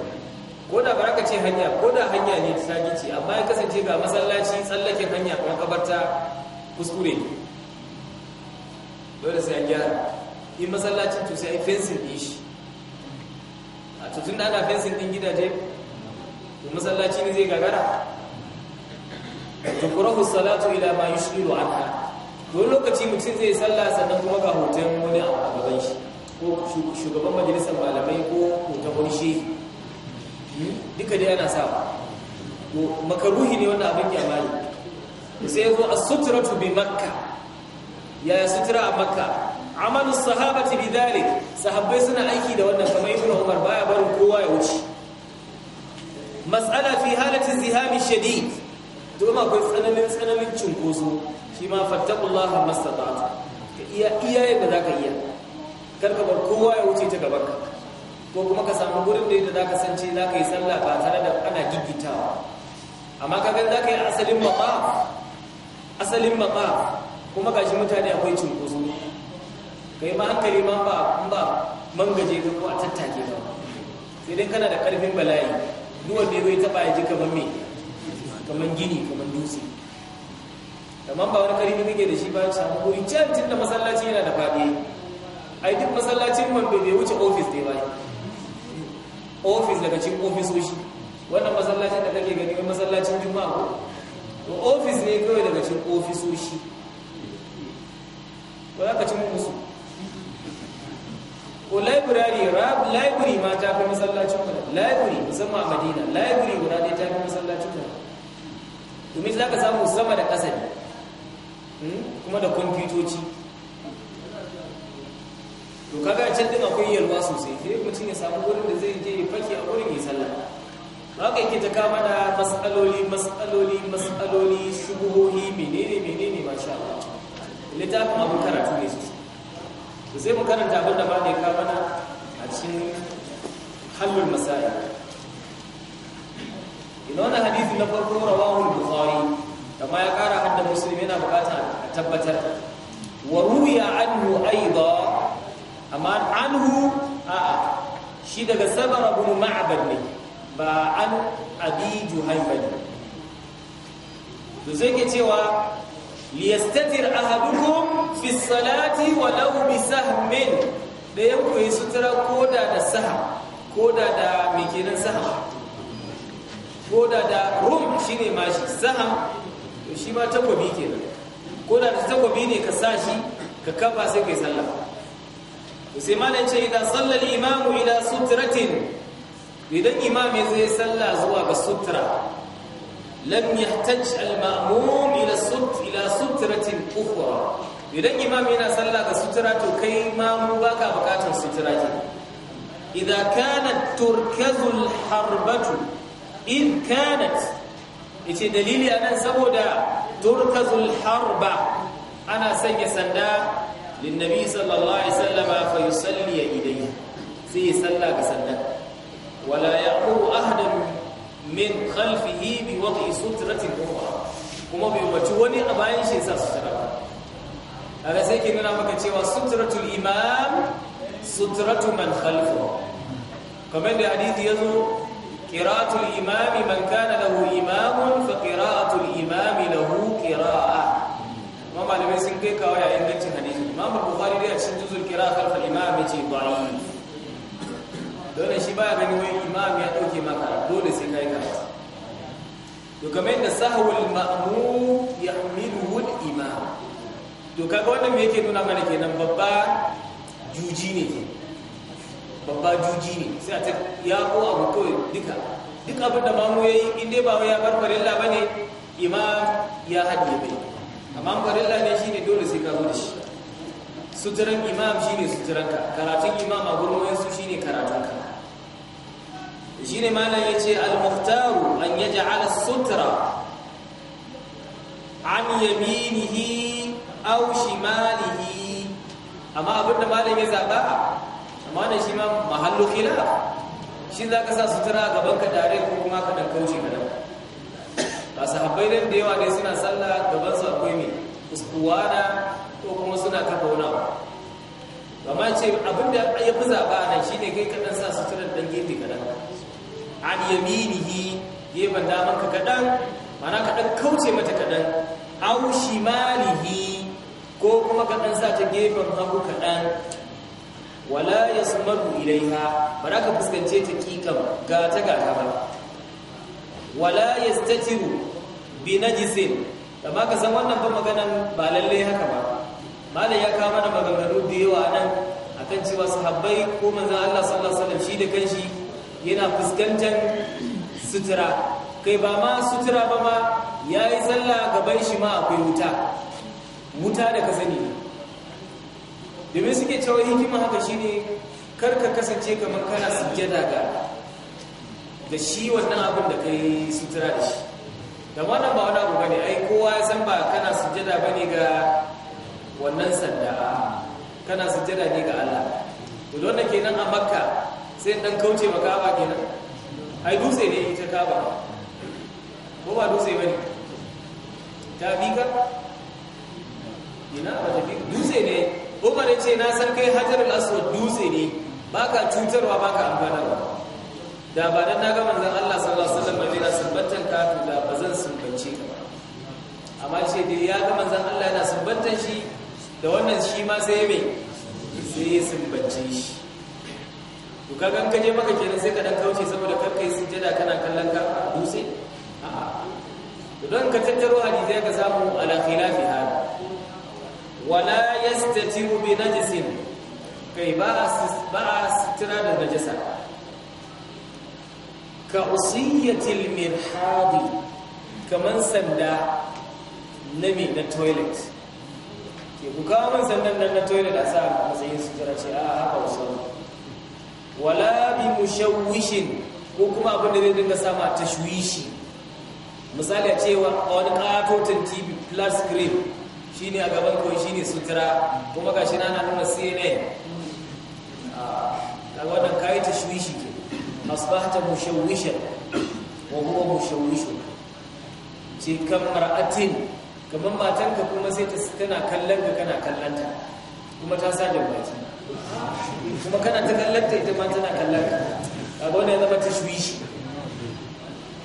ko da ba ka ce hanya ko da hanya ne ta gici amma ya kasance ga masallaci tsallaken hanya kuma kabarta kuskure ne dole sai an gyara in masallacin to sai fensin din shi a tutun da ana fensin din gidaje to masallaci ne zai gagara tukurahu salatu ila ma yushiru anha wani lokaci mutum zai salla sannan kuma ga hoton wani a gaban shi ko shugaban majalisar malamai ko hoton wani shi hmm? duka dai ana sa makaruhi ne wannan abin kyamari sai yazo as-sutratu bi makka yaya sutra a makka amalu sahabati bi sahabbai suna aiki da wannan kamar ibnu umar baya barin kowa ya wuce mas'ala fi halati zihami shadid ma akwai tsananin tsananin cinkoso shi ma fattakullah mastata ka iya iya ba za ka iya kar ka bar kowa ya wuce ta gaban ka ko kuma ka samu gurin da yadda za ka san za ka yi sallah ba tare da ana gigitawa amma ka ga za ka yi asalin mataf asalin mataf kuma gashi mutane akwai cinkoso kai ma hankali ma ba ba mangaje ka ko a tattake ba sai dai kana da karfin bala'i duwar da ya zai taba ya ji kamar me kamar gini kamar dutse kamar ba wani karfi kake da shi ba ya samu wuri can tun da masallaci yana da faɗi ai duk masallacin man bai wuce ofis ne ba ofis daga cikin ofisoshi wannan masallacin da kake gani masallacin juma'a ko to ofis ne kawai daga cikin ofisoshi ko za ka ci musu ko library library ma ta fi masallacin ku library musamman a madina library guda ɗaya ta fi masallacin ku domin za ka samu sama da ƙasa ne hmm, kuma da kwamfutoci to kaga can din akwai yalwa sosai sai mutum ya samu wurin da zai je fake a wurin yi sallah ka yake ta kama da matsaloli matsaloli matsaloli shubuhohi menene menene sha Allah littafin abu karatu ne sosai to sai mu karanta abin da ba ne kama a cikin halul masail ina wannan hadisi na farko rawahu al-bukhari amma ya kara hadda muslim yana bukata a tabbatar wa ruwiya anhu aida amma anhu a shi daga sabar ibn ma'bad ne ba an abi juhayfa ne to sai ke cewa liyastatir ahadukum fi salati walau bi sahmin da yanku yi sutura koda da saha koda da mai kenan saha ko da da rum ne mashi saham to shi ma takwabi kenan ko da da takwabi ne ka sa shi ka kafa sai kai sallah to sai malam ce idan sallal imamu ila sutratin idan imam ya zai sallah zuwa ga sutra lam yahtaj al ma'mum ila sut ila sutratin ukhra idan imam yana sallah ga sutra to kai ma mu baka bukatar sutra ke idan kana turkazul harbatu in kanat yace dalili anan saboda turkazul harba ana sanya sanda linnabi sallallahu alaihi wasallama fa yusalli ilayhi sai salla ga sandan. wala yaqulu ahadan min khalfihi bi wadi sutratin ukhra kuma bai wace wani a bayan shi sa sutura kaga sai ke nuna maka cewa sutratul imam sutratu man khalfahu kamar da hadisi yazo qira'atul imami man kana lahu imamun imami lahu qira'a ma malamai sun kai kawai a ingancin hadisi imam bukhari dai a cikin juzul qira'a khalfal imam yace da'if dole shi baya gani wai imam ya dauke maka dole sai kai karatu to kamar yadda me yake nuna mana kenan babba juji ne babba juji ne sai a ce ya ko abu kawai duka duk abin da mamu ya yi inda ba ya bar farilla ba ne imam ya haɗe bai amma farilla ne shi ne dole sai ka zo da shi suturan imam shi ne suturanka karatun imam a gurin su shi ne karatunka shi ne malam ya ce al an ya ala sutura an yaminihi aw shimalihi amma abin da malam ya zaɓa amma da shi ma mahallo kila shi za ka sa sutura a gaban ka tare ko kuma ka dan kauce ka nan ba sahabbai da yawa ne suna sallah gaban su akwai kuskuwa na ko kuma suna kafa wani ba. amma ce abin da ya fi zaba nan shine kai kaɗan sa suturar dan gefe dan an yaminihi gefen daman ka kaɗan, mana dan kauce mata kaɗan, an shi shimalihi ko kuma kaɗan sa ta gefen hagu kaɗan. wala yasmadu ilaiha ba za ka fuskance ta kikan ga ta gata ba wala yastatiru bi najisin da ba ka san wannan ba maganan ba lallai haka ba malam ya kawo mana maganganu da yawa nan akan cewa sahabbai ko manzon Allah sallallahu alaihi shi da kanshi yana fuskantar sutura kai ba ma sutura ba ma yayi sallah gaban shi ma akwai wuta wuta da ka sani domin suke cewa hikima haka shine kar ka kasance kamar kana sujjada ga da shi wannan abin da ka yi sutura da shi da wannan ba wani abu ne, ai kowa ya san ba kana sujjada ne ga wannan sanda kana sujjada ne ga Allah to don kenan a Makka sai dan kauce maka ba kenan ai dutse ne ita ba ko ba dutse ba ne? ta bi ka ina ba ta bi dutse ne umar ce na san kai hajar al dutse ne ba ka cutarwa ba amfana amfanarwa da ba na gama zan Allah sallallahu alaihi wasallam yana sunbantan ka to da bazan sunbance ka amma ce dai ya gama zan Allah yana sumbantar shi da wannan shi ma sai me sai ya sumbance shi to ka ka je maka kenan sai ka dan kauce saboda kar kai sujjada kana kallon ka dutse a'a to don ka tattaro hadisi ka samu ala khilafi hada wala yastatiru bi najisin kai ba a sitira da najisa ka usiyatil mirhadi kaman sanda na na toilet ke ku kawo sandan nan na toilet a sa a matsayin sutura ce a haka wasu wala bi mushawishin ko kuma abin da zai dinga sama ta shuwishi misali a cewa a wani katotin tv plus screen shi ne a gaban kawai shi ne sutura kuma ga shi na na nuna cnn a ah, wannan kayi ta shuishi ke asbahta mushawishan wa kuma mushawishu ce kamar atin kamar matanka kuma sai tana kallon ka kana kallanta kuma ta sa da baki kuma kana ta kallanta ita ma tana kallon ka a wannan ya zama ta shuishi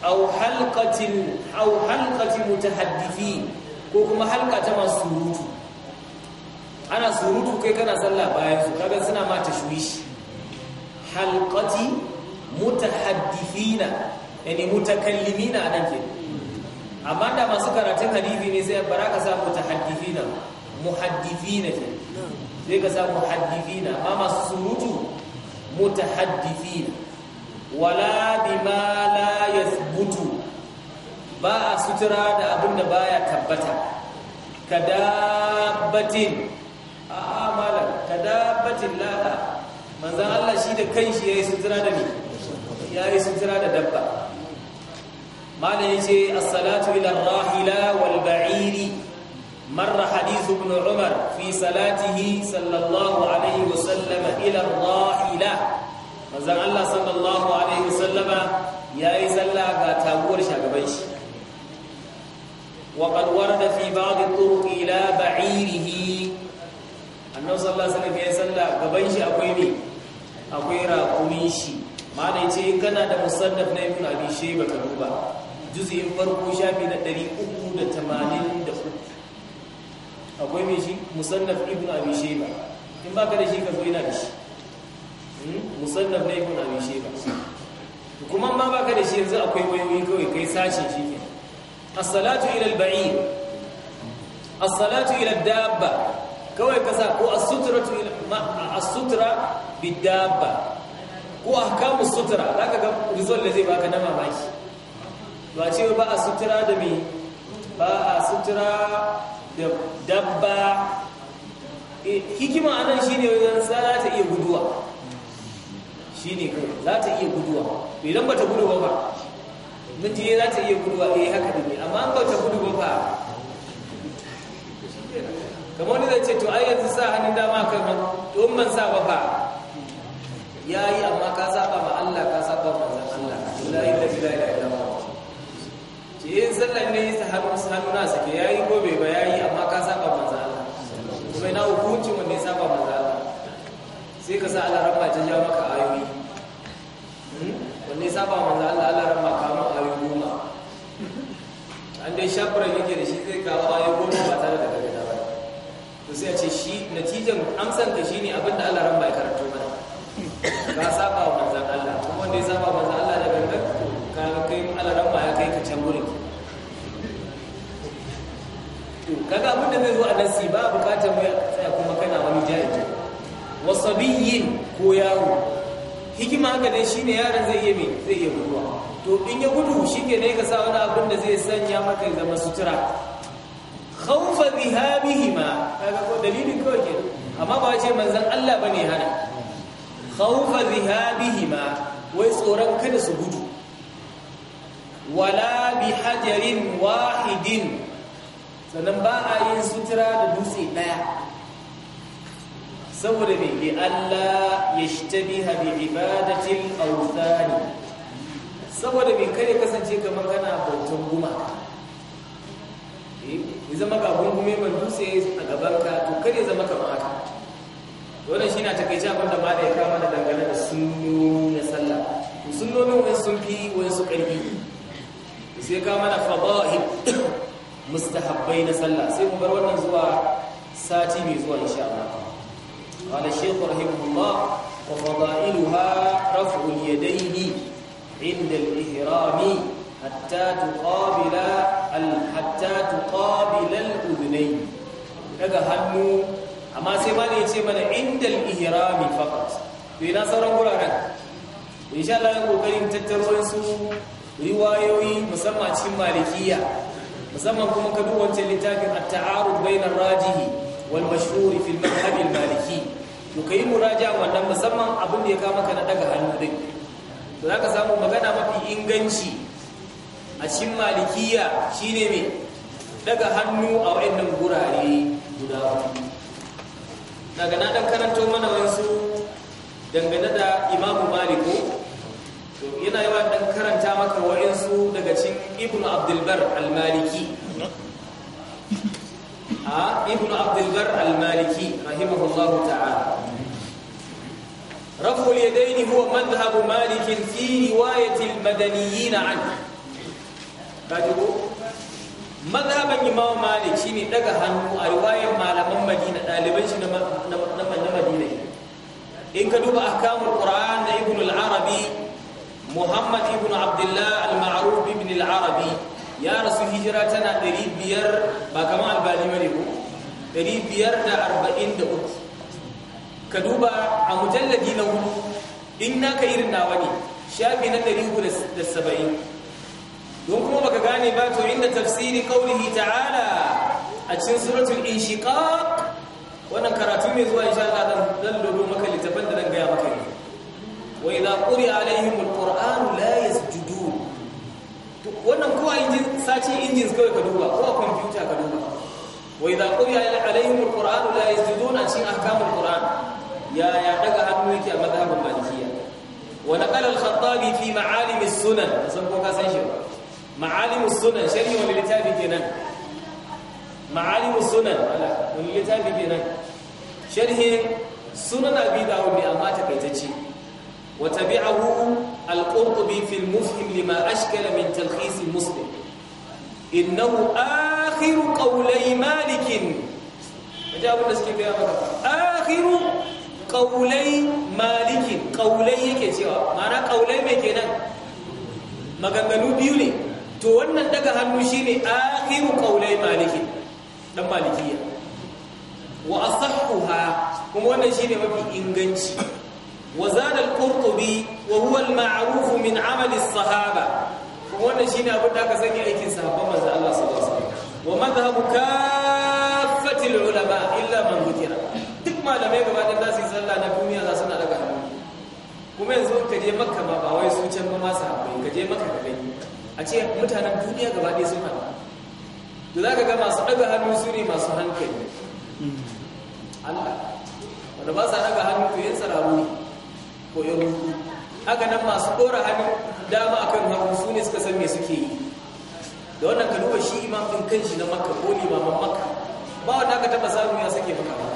au halqatin au halqati mutahaddifin ko kuma halka ta masu surutu ana surutu kai kana sallah bayan su kaga suna ma tashwish halqati mutahaddithina yani mutakallimina anan ke amma da masu karatun hadisi ne sai ka sa mutahaddithina muhaddithina ke sai ka sa muhaddithina amma masu surutu mutahaddithina wala bima la yathbutu ba a sutura da abin da baya tabbata ka dabbatin a amalar ka dabbatin lada manzan Allah shi da kanshi ya yi sutura da ni?' ya yi sutura da dabba malin ce as-salatu ila rahila wal ba'iri marra hadithu bin umar fi salatihi sallallahu alaihi wa sallama ila rahila manzan Allah sallallahu alaihi wa sallama ya yi sallah ga taguwar shagaban shi وقد ورد في بعض الطرق إلى بعيره annabi sallallahu alaihi wasallam ya salla gaban shi akwai me akwai raƙumin shi malai ce kana da musannaf na ibn abi shayba ka duba juz'in farko shafi na 383 akwai me shi musannaf ibn abi shayba in baka da shi ka zo ina da shi musannaf na ibn abi shayba kuma ma baka da shi yanzu akwai wayoyi kawai kai sashin shi ke as-salatu ila al-ba'ir as-salatu ila ad-dabba kawai kasa ko as-sutratu ila as-sutra bid-dabba ko ahkamus sutra zaka ga rizal da zai baka na mamaki ba ce ba a sutura da me ba a sutura da dabba eh, hikima anan shine wajen tsara ta iya guduwa shine ko za ta iya guduwa idan bata guduwa ba miji za ta iya gudu a iya eh, haka ne amma an kauta gudu ba fa kamar wani zai ce to ai yanzu sa hannun dama kan umman to sa ba fa ya yi amma ka saba ma Allah ka saba ma zan Allah la ilaha da Allah ce yin eh, sallan ne sa hannu hannu na sake yayi ko bai ba yi amma ka saba ma zan Allah kuma ina hukuncin wanda ya saba ma zan Allah sai ka sa Allah rabba ta ja maka ayoyi hmm? wanne saba ma zan Allah Allah rabba ka an dai shafuran yake da shi zai kawo ya goma ba tare da gaggawa ba to sai a ce shi natijan amsan ka shine abin da Allah ran bai karanto mana ka saba wa manzon Allah kuma wanda ya saba manzon Allah da gangan ka kai Allah ran ya kai ka can gurin to kaga abin da zai zo a nasi ba bukatar mai tsaya kuma kana wani jahili wasabiyin ko yaro hikima haka dai shine yaron zai iya mai zai iya mutuwa to in ya gudu shi ke ne ka sa wani abin da zai sanya maka zama sutura khawfa zihabihima kaga ko dalilin kawai ke amma ba ce manzon Allah bane hana khawfa zihabihima wai tsoron kada su gudu wala bi hajarin wahidin sannan ba a yin sutura da dutse daya saboda me Allah ya shtabiha bi ibadatil awthani saboda mai kare kasance kamar kana bautan guma? Eh, ya zama ga gungume mai dutse a ka, to kare zama kamar haka wannan shi na takaice abin da ma da ya kama da dangane da sunnoni na sallah sunnonin wani sun fi wani su ƙarfi sai kama da fadahib mustahabbai na sallah sai mu bar wannan zuwa sati mai zuwa insha Allah قال الشيخ رحمه الله وفضائلها رفع اليدين عند الإهرام حتى تقابل حتى تقابل الأذنين daga hannu amma sai ma ne ya ce mana indal ihrami faqat to ina sauran guraren insha Allah yin kokarin tattaro su riwayoyi musamman cikin malikiya musamman kuma ka duk wancan littafin at-ta'arud bayna ar-rajihi wal mashhur fi al-madhhab al-maliki to kai wannan musamman abin da ya kama ka na daga hannu din to za ka samu magana mafi inganci a cikin malikiya shine mai daga hannu a waɗannan gurare guda daga na ɗan karanto mana wasu dangane da imamu maliko to yana yawa ɗan karanta maka waɗansu daga cikin ibn abdulbar al-maliki a ah, ibn abdulbar al rahimahullahu ta'ala رفع اليدين هو مذهب مالك في رواية المدنيين عنه كاتبوا مذهب الإمام مالك شيني دقا هنو رواية معلم مدينة لبنش مدينة إن كدوب أحكام القرآن ابن العربي محمد ابن عبد الله المعروف ابن العربي يا رسول هجرتنا قريب بير ما كما البالي ملكو قريب بير دا أربعين دا أكس ka duba a mujalladi na hudu in naka irin nawa ne shafi na 370 don kuma baka gane ba to inda tafsiri qaulihi ta'ala a cikin suratul inshiqaq wannan karatu mai zuwa insha Allah dan lolo maka littafin da dan gaya maka ne wa idza quri'a alaihim alqur'anu la yasjudun wannan ko a injin sace injin kawai ka duba ko a computer ka duba wa idza quri'a alaihim alqur'anu la yasjudun a cikin ahkamul qur'an يا يا دغا هنويك مذهب المالكيه ونقل الخطابي في معالم السنن سنكون كاسن شي معالم السنن شري وللتابي جنان معالم السنن وللتابي جنان شرح سنن ابي داود الماتب تجي وتبعه القرطبي في المفهم لما اشكل من تلخيص مسلم انه اخر قولي مالك اجاب الناس كيف يا مرحبا اخر ƙaulai maliki ƙaulai yake cewa mana ƙaulai mai kenan maganganu biyu ne to wannan daga hannu shine ne akhiru ƙaulai maliki ɗan malikiya wa asahuha kuma wannan shine mafi inganci wa zada al-qurtubi wa huwa al-ma'ruf min 'amali as-sahaba kuma wannan shine abin da aka sanya aikin sahabban manzo Allah sallallahu alaihi wasallam wa madhhabu kaffatil ulama illa man dhukira malamai gaba da za su yi sallah na duniya za su na daga hannu kuma yanzu ka je makka ma ba wai su can ba ma su haɓe ka je makka da bai a ce mutanen duniya gaba ɗaya sun haɗu da za ka ga masu ɗaga hannu su ne masu hankali Allah wanda ba sa ɗaga hannu to yin tsararru ne ko yin ruku haka nan masu ɗora hannu dama kan hannu su ne suka san me suke yi da wannan ka duba shi imam ɗin kanshi na makka ko limaman makka ba wanda aka taɓa samu ya sake maka ba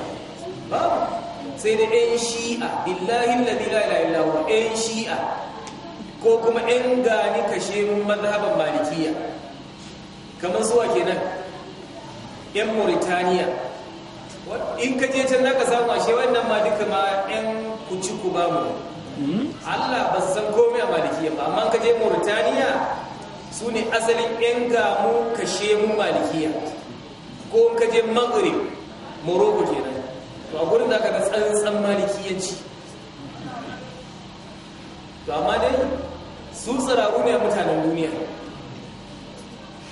sai da ɗan shi'a illa, ladila ila illa wa ɗan shi'a ko kuma ɗan gani kashe mazhaban malikiya kamar ke kenan ɗan mauritaniya in ka je can za ka samu ashe wannan ma duka ma ɗan kuci ku ba mu Allah ba san komai a malikiya ba amma ka je mauritaniya su ne asalin ɗan gamu kashe mun malikiya ko ka je maghrib morocco kenan to a gurin da aka da tsantsan malikiyanci to amma dai su tsiraru ne a mutanen duniya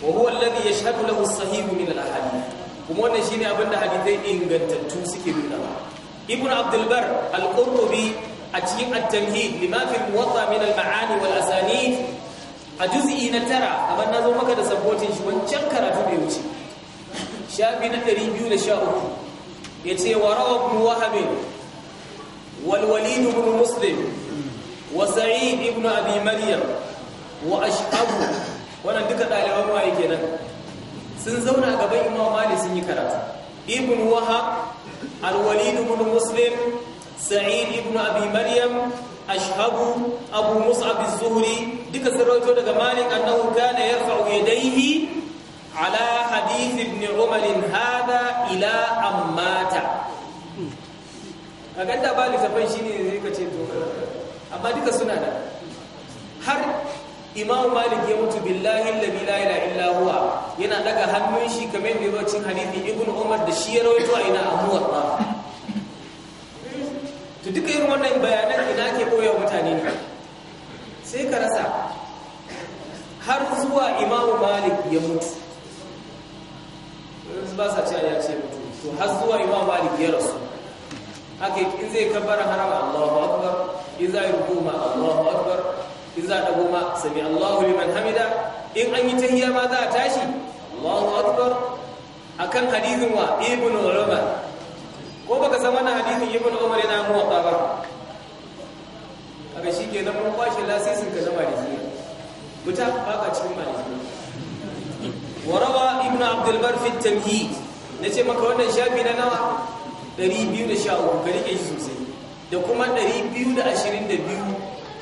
wa huwa alladhi yashhadu lahu as-sahih min al-ahadith kuma wannan shine abin da hadithai ingantattu suke nuna ibn abdul bar al-qurtubi a cikin at-tamhid lima fi al-muwatta min al-ma'ani wal asanid a juz'i na tara amma na zama maka da sabotin shi wancan karatu da ya wuce shafi na 213 yace wa rawa ibn wahab wal walid ibn muslim wa sa'id ibn abi maryam wa ash'abu wannan duka daliban waye kenan sun zauna gaban imam malik sun yi karatu ibn wahab al walid ibn muslim sa'id ibn abi maryam ashhabu abu mus'ab az-zuhri duka sun rawaito daga malik annahu kana yarfa'u yadayhi على حديث ابن عمر هذا إلى أن مات kagan da ba littafin shi ne zai kace to amma duka suna da har imam malik ya mutu billahi allazi la ilaha illa huwa yana daga hannun shi kamar da yawa cin hadisi ibnu umar da shi ya rawaito a ina amuwar ba to duka irin wannan bayanan ina ke koya mutane ne sai ka rasa har zuwa Imam malik ya mutu in ba sa cewa ya ce mutu to har zuwa imam malik ya rasu haka in zai kabbara harama allahu akbar in za yi rukuma allahu akbar in za dago ma sami allahu liman hamida in an yi tahiyya ma za a tashi allahu akbar akan hadithin wa ibnu umar ko baka san wannan hadithin ibnu umar yana muwatta ba Haka kaga shikenan mun kwashi lasisin ka zama da mutum ba ka cikin malikiya warawa ibn abdul bar fi tamhid ce maka wannan shafi na nawa 213 ka rike shi sosai da kuma 222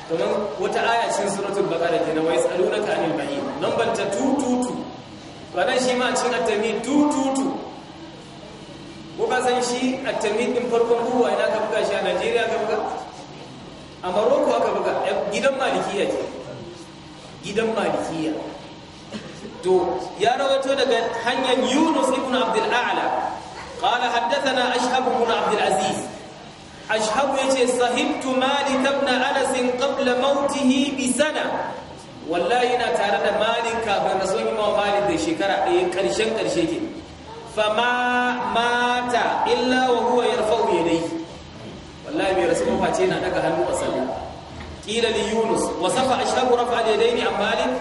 kamar wata aya cikin suratul baqara ke na wa yasalunaka anil bahir number 222 wannan shi ma cikin at-tamhid 222 ko ka san shi a tamid din farkon buwa ina ka buga shi a Najeriya ka buga a morocco aka buga gidan Malikiya ce gidan Malikiya to ya rawaito daga hanyar Yunus ibn Abdul A'la qala haddathana Ashhab ibn Abdul Aziz Ashhab yace sahibtu Malik ibn Anas qabla mautihi bi sana wallahi ina tare da Malik kafin rasuwan Imam Malik da shekara ɗaya karshen karshe ke fama mata illa wa huwa yarfa'u yadayhi wallahi bai rasu mafaci yana daga hannu a sallah qila li Yunus wasafa Ashhab rafa al-yadayni an Malik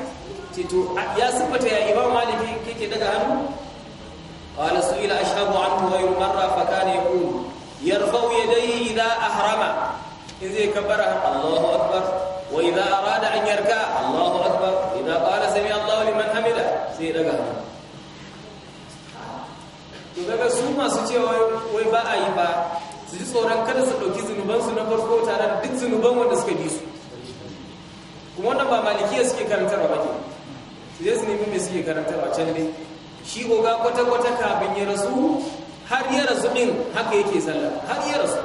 Tito ya siffata ya imam maliki yake daga hannu qala su'ila ashhabu anhu ghayru marra fa kana yaqulu yarfa'u yadayhi idha ahrama in zai kabbara Allahu akbar wa idha arada an yarka Allahu akbar idha qala sami Allahu liman hamida sai daga hannu to daga su masu cewa wai ba a yi ba su ji tsoron kada su ɗauki su na farko tare da duk zunuban wanda suka bi su kuma wannan ba malikiya suke karantarwa ba ke su su nemi mai suke a can dai shi oga kwata-kwata kafin ya rasu har ya rasu din haka yake sallah har ya rasu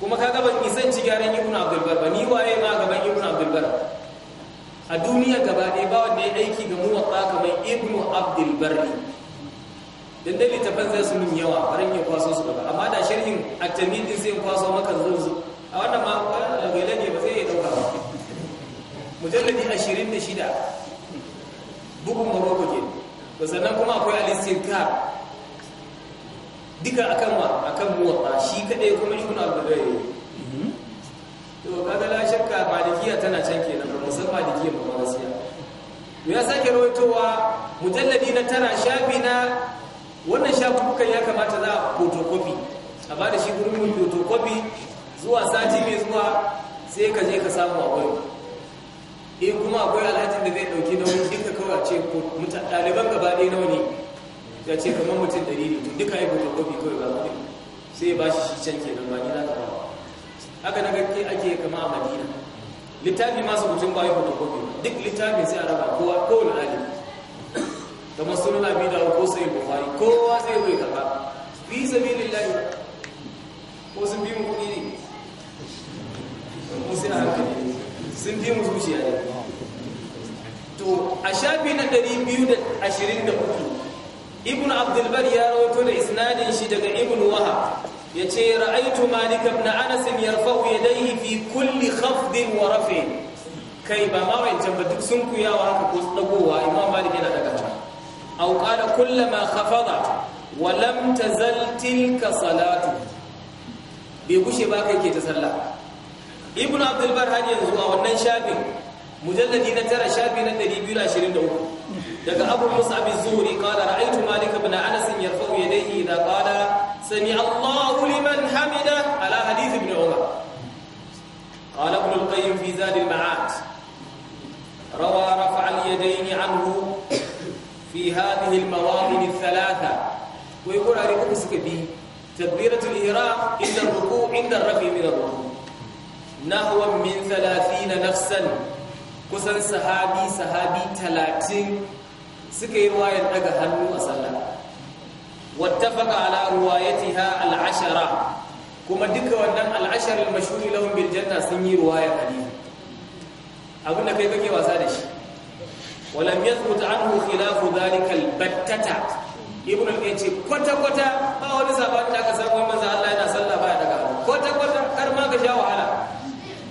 kuma ka gaban isan ci gyaran ibn abdul bar ba ni waye ma gaban ibn abdul bar a duniya gaba ɗaya ba wanda ya aiki ga muwatta kamar ibn abdul ne dan dai littafan zai su min yawa barin ya kwaso su gaba amma da sharhin at-tamid sai ya kwaso maka zuzu a wannan ma gaila ne ba zai ya dauka ba mujalladi 26 bugun morocco ke to sannan kuma akwai al-istirkar duka akan wa akan muwatta shi kadai kuma ya yi. Mhm. to kada la shakka malikiya tana can kenan ba san malikiya ba gaskiya ya sake rawaitowa mujalladi na tara shafi na wannan shafukan ya kamata za a photocopy a ba da shi gurin photocopy zuwa sati mai zuwa sai ka je ka samu a wurin E kuma akwai alhajin da zai dauki nauyin duka kawai ce ko ɗaliban gaba ɗaya nawa ne ya ce kamar mutum ɗari ne tun duka ya fito kofi kawai ba kuɗi sai ya bashi shi can kenan ba ni za ka ba haka na gaske ake kama a madina littafi masu mutum ba ya fito kofi duk littafin sai a raba kowa kowane ɗalibi kamar sunan bi da ko sai bukhari kowa zai zo ya karba fi Lillahi, ko sun bi mu kuɗi ne ko sai a hankali sun fi mu zuciya ne to a shafi na 224 ibn abdulbar ya rawato da isnadin shi daga ibn wahab ya ce ra'aitu malik ibn anas yarfa'u yadayhi fi kulli khafdin wa rafin kai ba ma wancan ba duk sun kuyawa haka ko dagowa imam malik yana daga ta aw qala kullama khafada wa lam tazal tilka salatu bai gushe ba kai ke ta sallah ibn abdulbar har yanzu a wannan shafin mujalladi na tara shafi na 223 daga abu musa bin zuhri qala ra'aytu malik ibn anas yarfa'u yadayhi idha qala sami allahu liman hamida ala hadith ibn umar qala ibn al-qayyim fi zad al-ma'ad rawa rafa' al-yadayn anhu fi hadhihi al-mawaqin al-thalatha ويقول عليكم سكبي تكبيرة الإهرام عند الركوع عند الرفع من الركوع nahwan min 30 nafsan kusan sahabi sahabi 30 suka yi ruwayan daga hannu a sallah wattafaqa ala ruwayatiha al-ashara kuma duka wannan al-ashar al-mashhur lahum bil janna sun yi ruwayan hadisi abinda kai kake wasa da shi ولم يثبت عنه خلاف ذلك البتة ابن القيم kwata kwata ba wani sabani da aka samu manzo Allah yana sallah ba daga kwata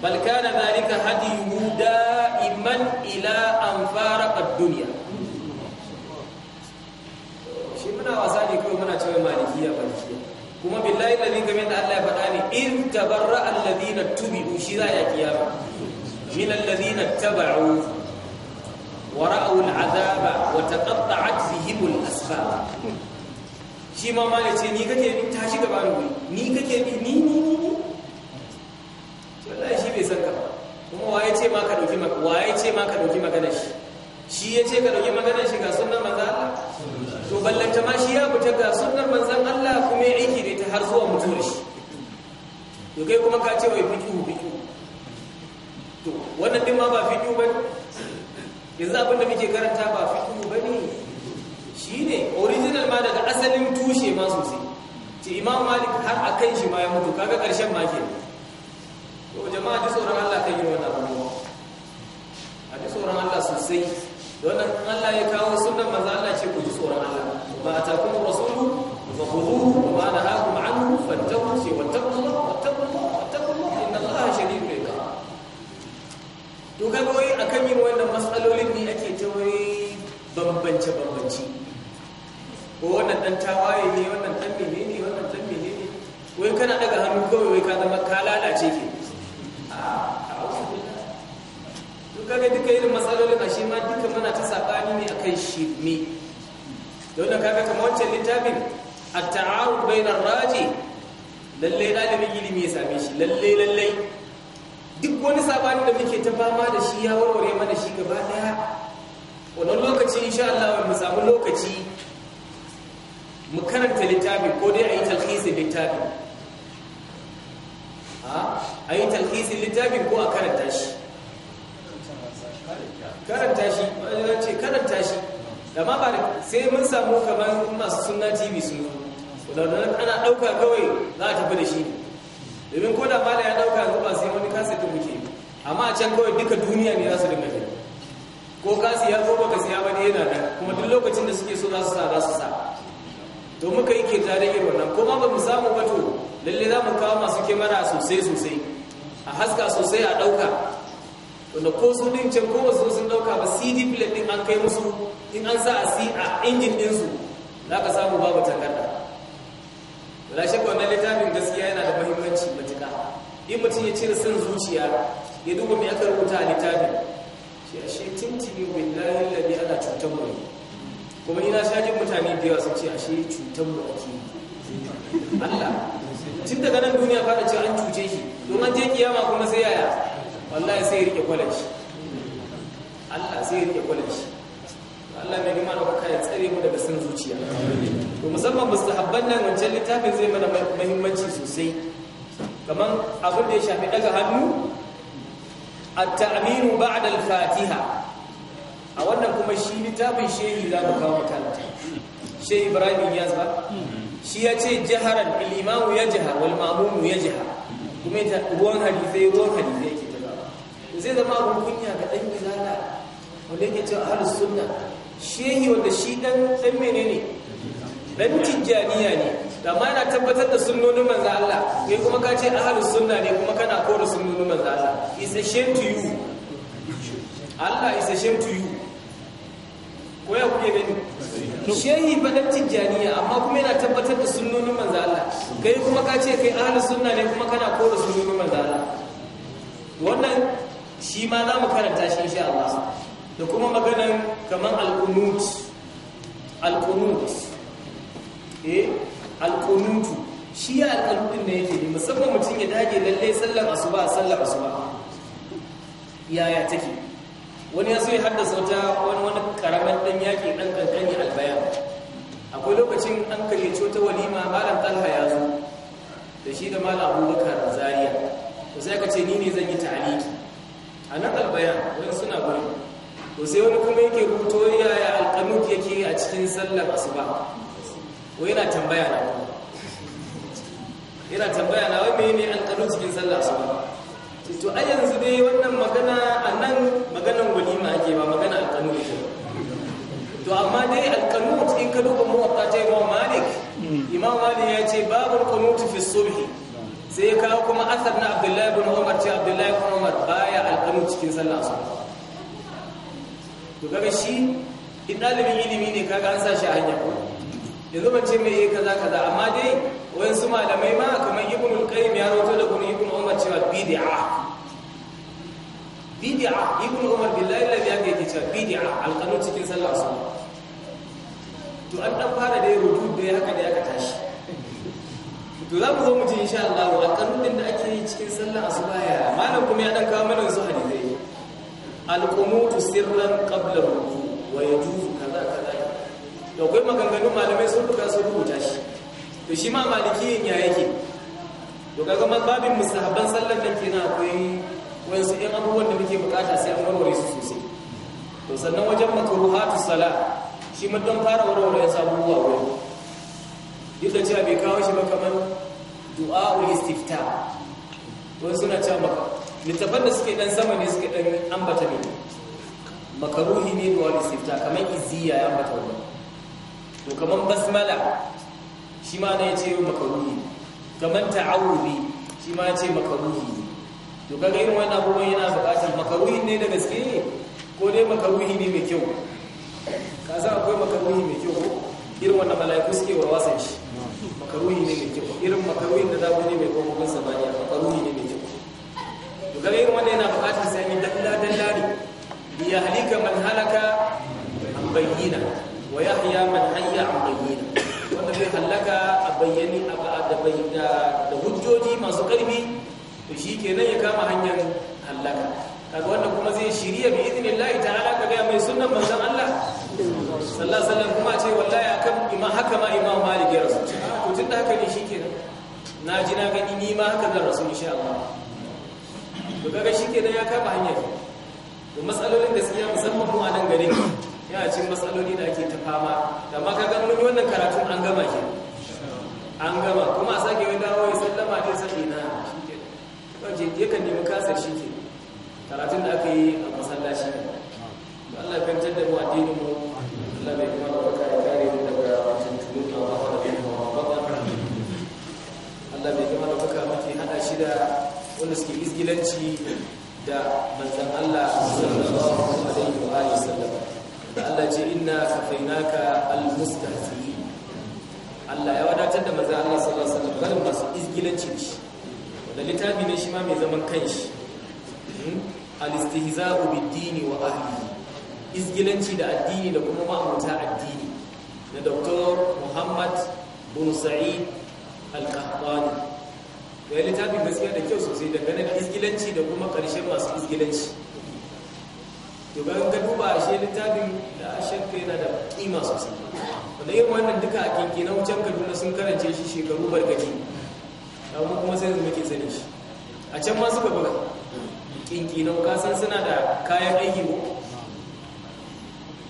bal kana dhalika hadiyuhu da'iman ila an faraqa ad-dunya shi muna wasa ne kai muna cewa malikiya malikiya kuma billahi ladhi kamar da Allah ya faɗa ne in tabarra alladhina tubu shi za ya kiyama min alladhina tabu wa ra'u al'azaba wa taqatta'at bihim al-asbab shi ma malice ni kake tashi gaba ni kake ni ni ni wallahi shi bai san ka ba kuma waye ce ma ka dauki maka waye ce ma ka dauki magana shi shi ya ce ka dauki magana shi ga sunnar manzan Allah to ballanta ma shi ya fita ga sunnar manzan Allah kuma ya aiki da ta har zuwa mutuwar shi to kai kuma ka ce wai fiqhu fiki to wannan din ma ba fiqhu bane yanzu abin da muke karanta ba fiqhu Shi shine original ma daga asalin tushe ma sosai ce imam malik har akan shi ma ya mutu kaga karshen ma kenan to jama'a ji tsoron Allah kan yi wannan abubuwa a ji tsoron Allah sosai wannan Allah ya kawo sunan manzo Allah ce ku ji tsoron Allah ba ta kuma rasulu fa khudhuhu wa ma nahakum anhu fattaqu shi wattaqullah wattaqullah wattaqullah inna Allah shadidul iqab to kai boye akan yin wannan matsalolin ne ake ta wai bambance bambance ko wannan dan tawaye ne wannan dan menene wannan dan menene wai kana daga hannu kawai wai ka zama ka lalace ke kaga duka irin matsalolin a shi ma duka mana ta saɓani ne a shi shirme. Dole da kaga kama wancan littafin A at-ta'arud na raji lalle dalibin ilimi ya same shi lallai lallai. duk wani saɓani da muke ta fama da shi ya warware mana shi gaba daya wannan lokaci insha Allah mu samu lokaci mu karanta littafi ko dai a yi talhisi littafi a yi talhisin littafin ko a karanta shi karanta shi ce karanta shi da ma ba sai mun samu kamar masu suna tv sun na ana ɗauka kawai za a tafi da shi domin ko da mala ya ɗauka yanzu ba sai wani kasa ta muke amma a can kawai duka duniya ne za su dinga jira ko kasa ya ko baka siya ba yana da kuma duk lokacin da suke so za su sa za su sa to muka yi keta da irin wannan kuma ba mu samu ba to lalle za mu kawo masu kyamara sosai sosai a haska sosai a ɗauka wanda ko su din can ko wasu sun dauka ba cd plate din an kai musu in an sa a c a injin din su za ka samu babu takarda wala shi wannan littafin gaskiya yana da muhimmanci matuka in mutum ya cire son zuciya ya duba me aka rubuta a littafin shi a shi tintini billahi alladhi ana cutar mu kuma ina shajin mutane da yawa sun ce a shi cutar mu ake Allah tun daga nan duniya fara ce an cuce shi don an je kiyama kuma sai yaya wallahi sai rike kwalaci Allah sai rike kwalaci Allah mai gima da kuka ya tsare mu daga san zuciya to musamman mustahabban nan wancan littafin zai mana muhimmanci sosai kaman abin da ya shafi daga hannu at-ta'minu ba'da al-fatiha a wannan kuma shi littafin shehi za mu kawo makaranta shehi Ibrahim Iyas ba shi ya ce jaharan al-imamu yajha wal ma'mumu yajha kuma ruwan hadisi ruwan hadisi zai zama abin kunya ga ɗan gizana wanda yake cewa ahlus sunna shehi wanda shi ɗan ɗan menene ɗan tijjaniya ne amma yana tabbatar da sunnonin manzo Allah kai kuma ka ce ahlus sunna ne kuma kana kora sunnonin manzo Allah is a shame to you Allah is a shame to you ko ya kuke gani shehi faɗin tijjaniya amma kuma yana tabbatar da sunnonin manzo Allah kai kuma ka ce kai ahlus sunna ne kuma kana kora sunnonin manzo Allah wannan shi ma za mu karanta shi insha Allah da kuma maganan kaman al-qunut al-qunut eh al-qunut shi ya al-qunut ne yake ne musamman mutum ya dage lalle sallar asuba sallar asuba yaya take wani ya so ya haddasa wata wani wani karaman dan yaki dan kankani akwai lokacin an karyace wata walima malam talha ya zo da shi da malam abubakar Zariya. to sai ka ce ni ne zan yi ta'aliki a nan albayan wani suna gudu ko sai wani kuma yake rubuto yaya alƙamuk yake a cikin sallar asuba ko yana tambaya na yana tambaya na wai mene alƙamuk cikin sallar asuba to a yanzu dai wannan magana a nan maganan walima ake ba magana alƙamuk ke to amma dai alƙamuk in ka duba muwatta ta imam malik imam malik ya ce babu alƙamuk fi subhi sai ya kawo kuma asar na abdullahi bin umar ce abdullahi bin umar baya alƙanu cikin sallah su to kaga shi in ɗalibin ilimi ne kaga an sa shi a hanyar ko yanzu ban ce mai yi kaza kaza amma dai su malamai ma kamar ibn al-qayyim ya rawato da gurin ibn umar cewa bid'a bid'a ibn umar billahi la ya kai cewa bid'a alƙanu cikin sallah su to an dan fara da rubutu da haka da ya ka tashi to za mu zo mu ji insha Allah wa kanunin da ake yi cikin sallar asuba ya malam kuma ya dan kawo mana su hadisi al-qunutu sirran qabla ruku wa yajuzu kaza kaza da akwai maganganun malamai sun buga sun rubuta shi to shi ma yin ya yake to kaga babin mustahabban sallar ke kenan akwai wasu ɗan abubuwan da muke bukata sai an warware su sosai to sannan wajen makruhatu sala shi ma don fara warware wasu abubuwa gurin duk da cewa bai kawo shi ba kamar Du'a du'a'ul istifta wani suna cewa maka littafan da suke dan sama ne suke dan ambata ne makaruhi ne du'a'ul istifta kamar iziya ya ambata wani to kamar basmala shi ma ne ya ce makaruhi kamar ta'awudi shi ma ya ce makaruhi to kaga irin wannan abubuwan yana buƙatar makaruhi ne da gaske ko dai makaruhi ne mai kyau ka za akwai makaruhi mai kyau irin wannan mala'iku suke wa wasan shi makaruhi ne mai kyau irin makaruhin da zaku ne mai gwamnatin samaniya makaruhi ne mai kyau to kaga irin wannan yana buƙatar sai ni dalla dalla ne man halaka an bayyina wa yahya man hayya an bayyina wanda zai halaka a bayyani da hujjoji masu ƙarfi to kenan ya kama hanyar halaka kaga wannan kuma zai shirya bi idnillahi ta'ala ka ga mai sunnan manzon Allah sallallahu alaihi wasallam kuma ce wallahi akan imam haka ma imam Malik ya rasu to tun da haka ne shikenan na ji na gani ni ma haka zan rasu insha Allah to kaga shikenan ya kama hanyar to matsalolin suke musamman kuma nan gare ni ya ci matsaloli da ake ta fama da ma kaga mun wannan karatun an gama shi an gama kuma a sake wani dawo ya sallama dai sai na shikenan to je yakan nemi kasar shikenan karatun da aka yi a masallaci ne Allah ya fahimtar da mu mu Allah bai kuma kare mu daga ba bin ba Allah bai kuma hada shi da wanda suke izgilanci da manzon Allah sallallahu alaihi wa alihi da Allah ce inna kafainaka almustahzi Allah ya wadatar da manzon Allah sallallahu alaihi masu izgilanci da littafi ne shi ma mai zaman kanshi hmm? al-istihza'u bid-dini wa ahlihi izgilanci da addini da kuma ma'amuta addini da Dr. Muhammad bin Sa'id al-Qahtani ya littafin gaskiya da kyau sosai dangane da izgilanci da kuma karshen masu izgilanci to bayan ga duba ashe shi littafin da kai na da kima sosai wanda yin wannan duka a kinki na wucin kaduna sun karance shi shekaru barkaci amma kuma sai muke sani shi a can ma suka buga kinkinau kasan suna da kayan aiki ko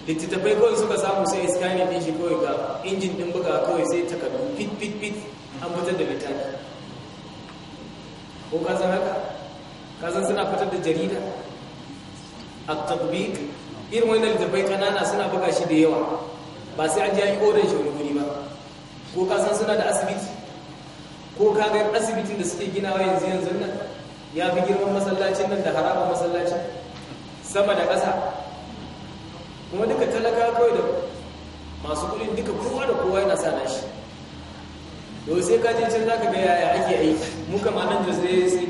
littattafai kawai suka samu sai iskanin ɗin shi kawai ga injin ɗin buga kawai sai takardu fit fit fit an fitar da littafi ko kasan haka kasan suna fitar da jarida a tabbik irin wani littattafai kanana suna buga shi da yawa ba sai an ji yi odon shi wani wuri ba ko kasan suna da asibiti ko kagayar asibitin da suke ginawa yanzu yanzu nan ya fi girman masallacin nan da haramun masallacin sama da ƙasa kuma duka talaka kawai da masu kudin duka kowa da kowa yana sa nashi yau sai ka je za ka ga yaya ake aiki mu manan da sai sai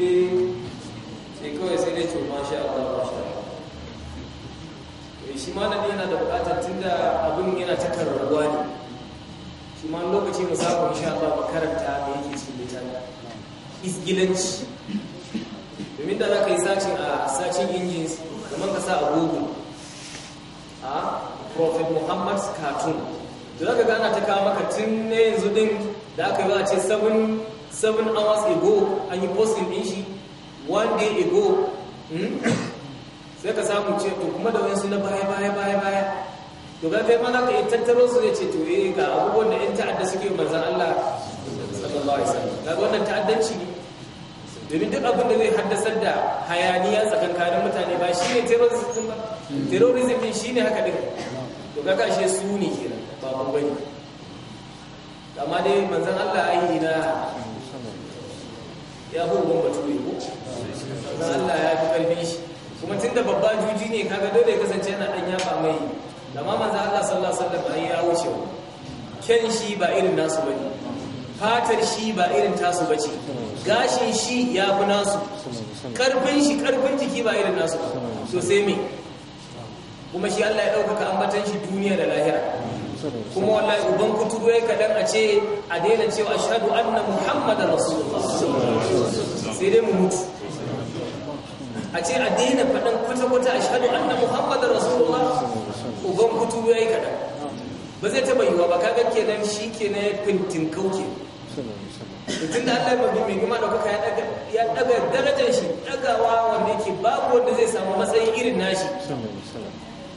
dai kawai sai dai shi a Allah shi eh, shi ma nan yana da bukatar da abin yana ta karrawa ne shi ma lokaci mu shi a Allah makaranta da yake cikin mutane isgilanci domin da za ka yi sacin a sacin injins kamar ka sa a google a prophet Muhammad cartoon da za ka gana ta kawo maka tun na yanzu din da aka yi za a ce 7 hours ago an yi posting din shi one day ago hmm? *coughs* sai ka samu ce to kuma da wani na baya baya baya baya to ga kai mana ka yi tattaro su zai ce to eh, ga abubuwan da yan ta'adda suke manzan Allah sallallahu alaihi wasallam ga wannan ta'addanci ne domin duk abin da zai haddasar da hayaniya tsakankanin mutane ba shi ne terrorism ba terrorism ne shi ne haka din to kaka shi su ne kenan ba mu bane amma dai manzan Allah ayi na ya fi batu ne ko manzan Allah ya fi karfin shi kuma tunda babba juji ne kaga dole ya kasance yana dan yafa mai amma manzan Allah sallallahu alaihi wasallam ayi ya wuce ken shi ba irin nasu bane fatar shi ba irin tasu bace gashin shi ya fi nasu karfin shi karfin jiki ba irin nasu ba so sai me kuma shi Allah ya ɗaukaka ambatan shi duniya da lahira kuma wallahi uban kuturo ya kadan a ce a daina cewa ashhadu anna muhammadar rasulullah sai dai mu mutu a ce a daina faɗin kwata-kwata ashhadu anna muhammadar rasulullah uban kuturo ya kaɗan. ba zai taɓa yiwa ba kaga kenan shi kenan ya fintin kauke tun da Allah babu mai girma da kuka ya daga darajar shi dagawa wanda yake babu wanda zai samu matsayin irin nashi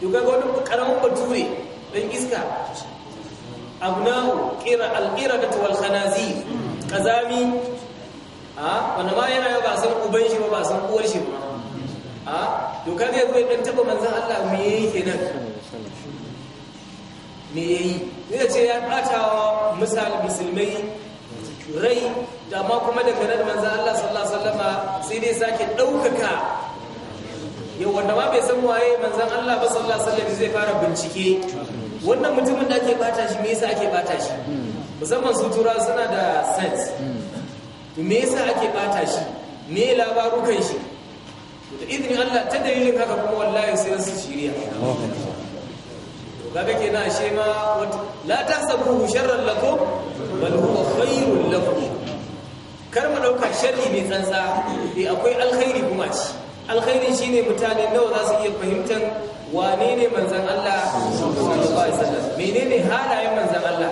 to kaga wani karamin bature dan iska abnahu qira al da wal khanazir kazami a wanda ma yana ba san uban shi ba ba san uwar shi ba a to kaga yazo dan taba manzon Allah me yayi kenan me yayi ne ce ya batawa misal musulmai rai da ma kuma daga nan manzo Allah sallallahu alaihi wasallam sai dai sake daukaka yau wanda ma bai san waye manzon Allah ba sallallahu alaihi wasallam zai fara bincike wannan mutumin da ake bata shi me yasa ake bata shi musamman su tura suna da sense to me yasa ake bata shi me labarukan shi to idan Allah ta dalilin haka kuma wallahi sai su shiriya ke na ashe ma la tahsabuhu sharran lakum bal huwa khairul lakum kar mu dauka sharri ne tsantsa eh akwai alkhairi kuma ci alkhairi ne mutane nawa za su iya fahimtar wane ne manzan Allah sallallahu alaihi wasallam menene halayen manzan Allah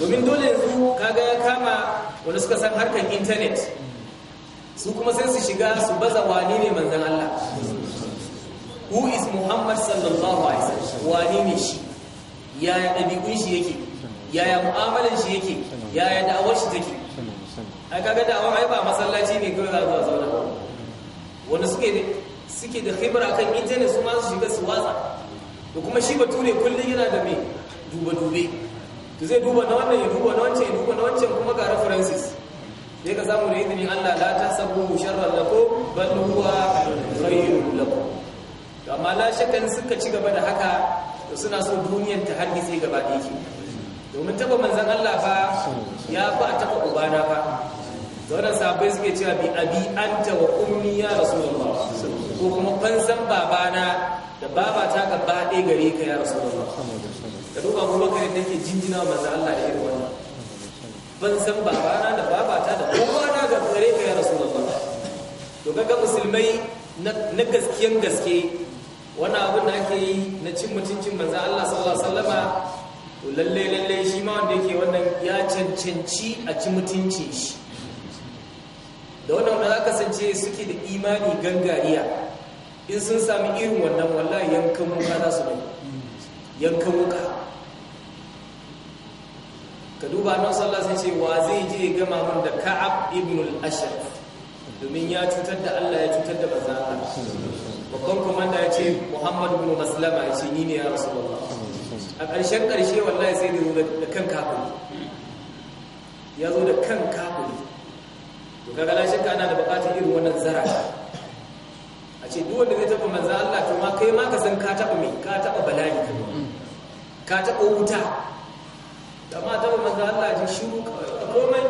domin dole yanzu kaga ya kama wani suka san harkar intanet, su kuma sai su shiga su baza wane ne manzan Allah who is Muhammad sallallahu alaihi wasallam wane ne shi yaya ɗabi'un shi yake yaya mu'amalan shi yake yaya da'awar shi take a kaga da'awar ai ba masallaci ne kawai za zuwa zauna Wani suke suke da khibra kan intanet su ma su shiga su watsa da kuma shi bature kullum yana da me duba dube to zai duba na wannan ya duba na wancan ya duba na wancan kuma ga references sai ka samu da izinin Allah la tasabu sharran lakum bal huwa khairun lako amma la shakkan suka ci gaba da haka da suna so duniyar ta sai gaba ɗaya ke domin taba manzan Allah ba ya ba a taba ubana ba wannan sabai suke cewa bi abi ta wa ummi ya rasulullah ko kuma fansan babana da baba ta gaba ɗaya gare ka ya rasulullah da duba ka da ke jinjina wa manzan Allah da irin wannan fansan babana da baba ta da kowa na gare ka ya rasu ba to ga musulmai na gaskiyan gaske wannan abin da ake yi na cin mutuncin manzan Allah sallallahu alaihi wasallama to lalle lalle shi ma wanda yake wannan ya cancanci a ci mutuncin shi da wannan wanda za kasance suke da imani gangariya in sun sami irin wannan wallahi yankan wuka za su bai yankan wuka ka duba nan sallah sai ce wa zai je gama mun da ka'ab ibn al-ashraf domin ya cutar da Allah ya cutar da manzan Allah babban komanda ya ce muhammadu bin maslama ya ce ni ne ya rasu wallah a ƙarshen ƙarshe wallahi sai da zuwa da kan kafin ya zo da kan kafin to kaga na shakka ana da bukatar irin wannan zara a ce duk wanda zai taɓa manzan Allah to ma kai ma ka san ka taɓa mai ka taɓa bala'i ka ka taɓa wuta amma taɓa manzan Allah ji shiru komai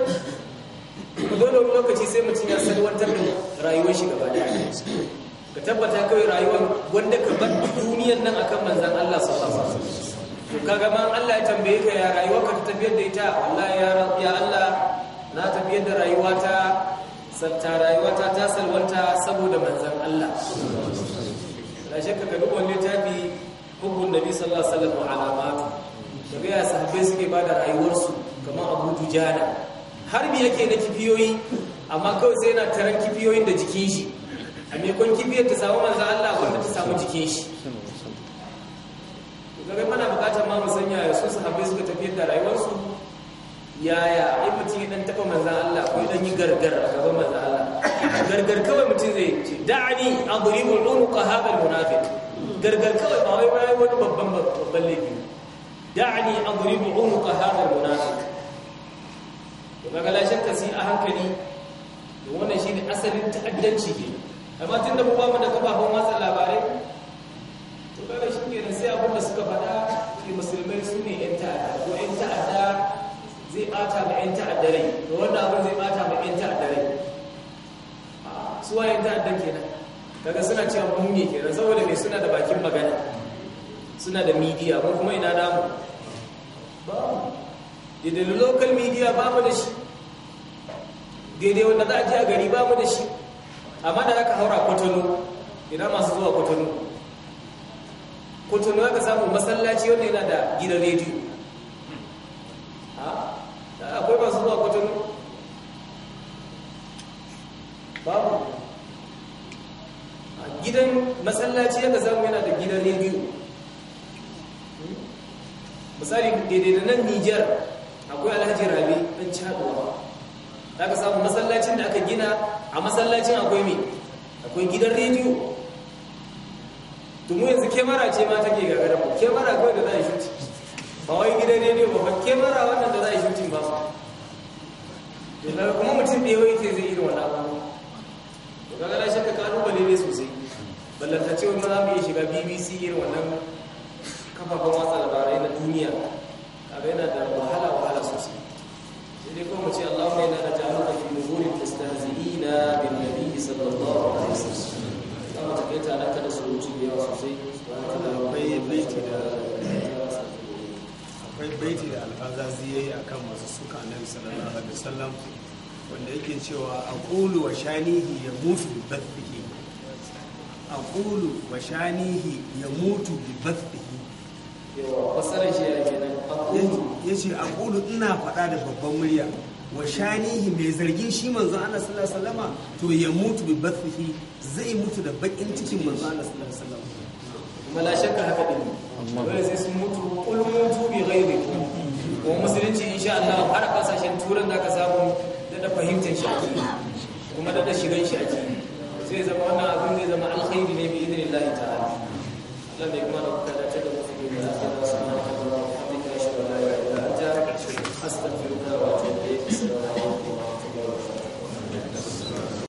dole wani lokaci sai mutum ya salwantar da rayuwar shi gaba ɗaya ka tabbata kawai rayuwar wanda ka bar duniyar nan akan manzan Allah sallallahu alaihi wasallam to kaga man Allah ya tambaye ka ya rayuwar ka tafiyar da ita wallahi ya rabbi ya Allah na tafiyar da rayuwata santa rayuwata ta salwanta saboda manzan Allah la shakka ka duk wanda tafi hukun nabi sallallahu alaihi wasallam alamatu daga ya sahabbai suke bada rayuwarsu kamar Abu Dujana bi yake na kifiyoyi amma kawai sai yana taran kifiyoyin da jikin shi a maimakon kibiyar ta samu manzan Allah wanda ta samu jikin shi gaba mana bukatar ma mu sanya ya su sahabbai suka tafiyar da rayuwarsu yaya ai mutum ya dan taɓa manzan Allah ko ɗan yi gargar a gaban manzan Allah gargar kawai mutum zai ce da'ani adribu unuqa hadha almunafiq gargar kawai ba wai wani babban babban laifi da'ani adribu unuqa hadha almunafiq to kaga la shakka sai a hankali to wannan shine asalin ta'addanci kenan amma tun da mu ba mu da kafafen watsa labarai to kawai shi kenan sai abin da suka faɗa ke musulmai su ne 'yan ta'adda ko 'yan ta'adda zai bata ma 'yan ta'adda rai to wannan abin zai bata ma 'yan ta'adda rai su wa 'yan ta'adda kenan kaga suna cewa mun ne kenan saboda me suna da bakin magana suna da midiya mun kuma ina namu babu da local media babu da shi daidai wanda za a ji a gari babu da shi amma da aka haura kwatano ina masu zuwa kwatano kwatano ka samu masallaci wanda yana da gidan rediyo ha akwai masu zuwa kwatano babu gidan masallaci aka samu yana da gidan rediyo misali daidai da nan nijar akwai alhaji rabi ɗan caɗuwa ka samu masallacin da aka gina a masallacin akwai mai akwai gidan rediyo tumu yanzu kemara ce ma take gagara mu kemara kawai da za a shuti ba wai gidan rediyo ba ba kemara wannan da za a shuti ba to kuma mutum da yawai yake zai irin wannan abu to kaga na shakka kalubale ne sosai ballanta ce wani za mu iya shiga bbc irin wannan kafafen watsa labarai na duniya kaga yana da wahala wahala sosai sai kuma mu ce Allahumma inna naj'aluka fi nuhurin na bin nabiy sallallahu ta da da yawa akwai baiti da akwai akan masu suka sallallahu alaihi wanda yake cewa aqulu wa shanihi mutu bi bathihi aqulu wa shanihi mutu bi bathihi ya ce a kudu ina faɗa da babban murya wa shanihi mai zargin shi manzo Allah sallallahu alaihi to ya mutu bi bathihi zai mutu da bakin cikin manzo Allah sallallahu alaihi wasallama kuma la shakka haka din dole sai sun mutu qul mutu bi ghairi ko musulunci insha Allah har kasashen turan da ka samu da da fahimtar shi ake kuma da da shigan shi ake sai zama wannan abin zai zama alkhairi ne bi idnillahi ta'ala Allah bai kuma da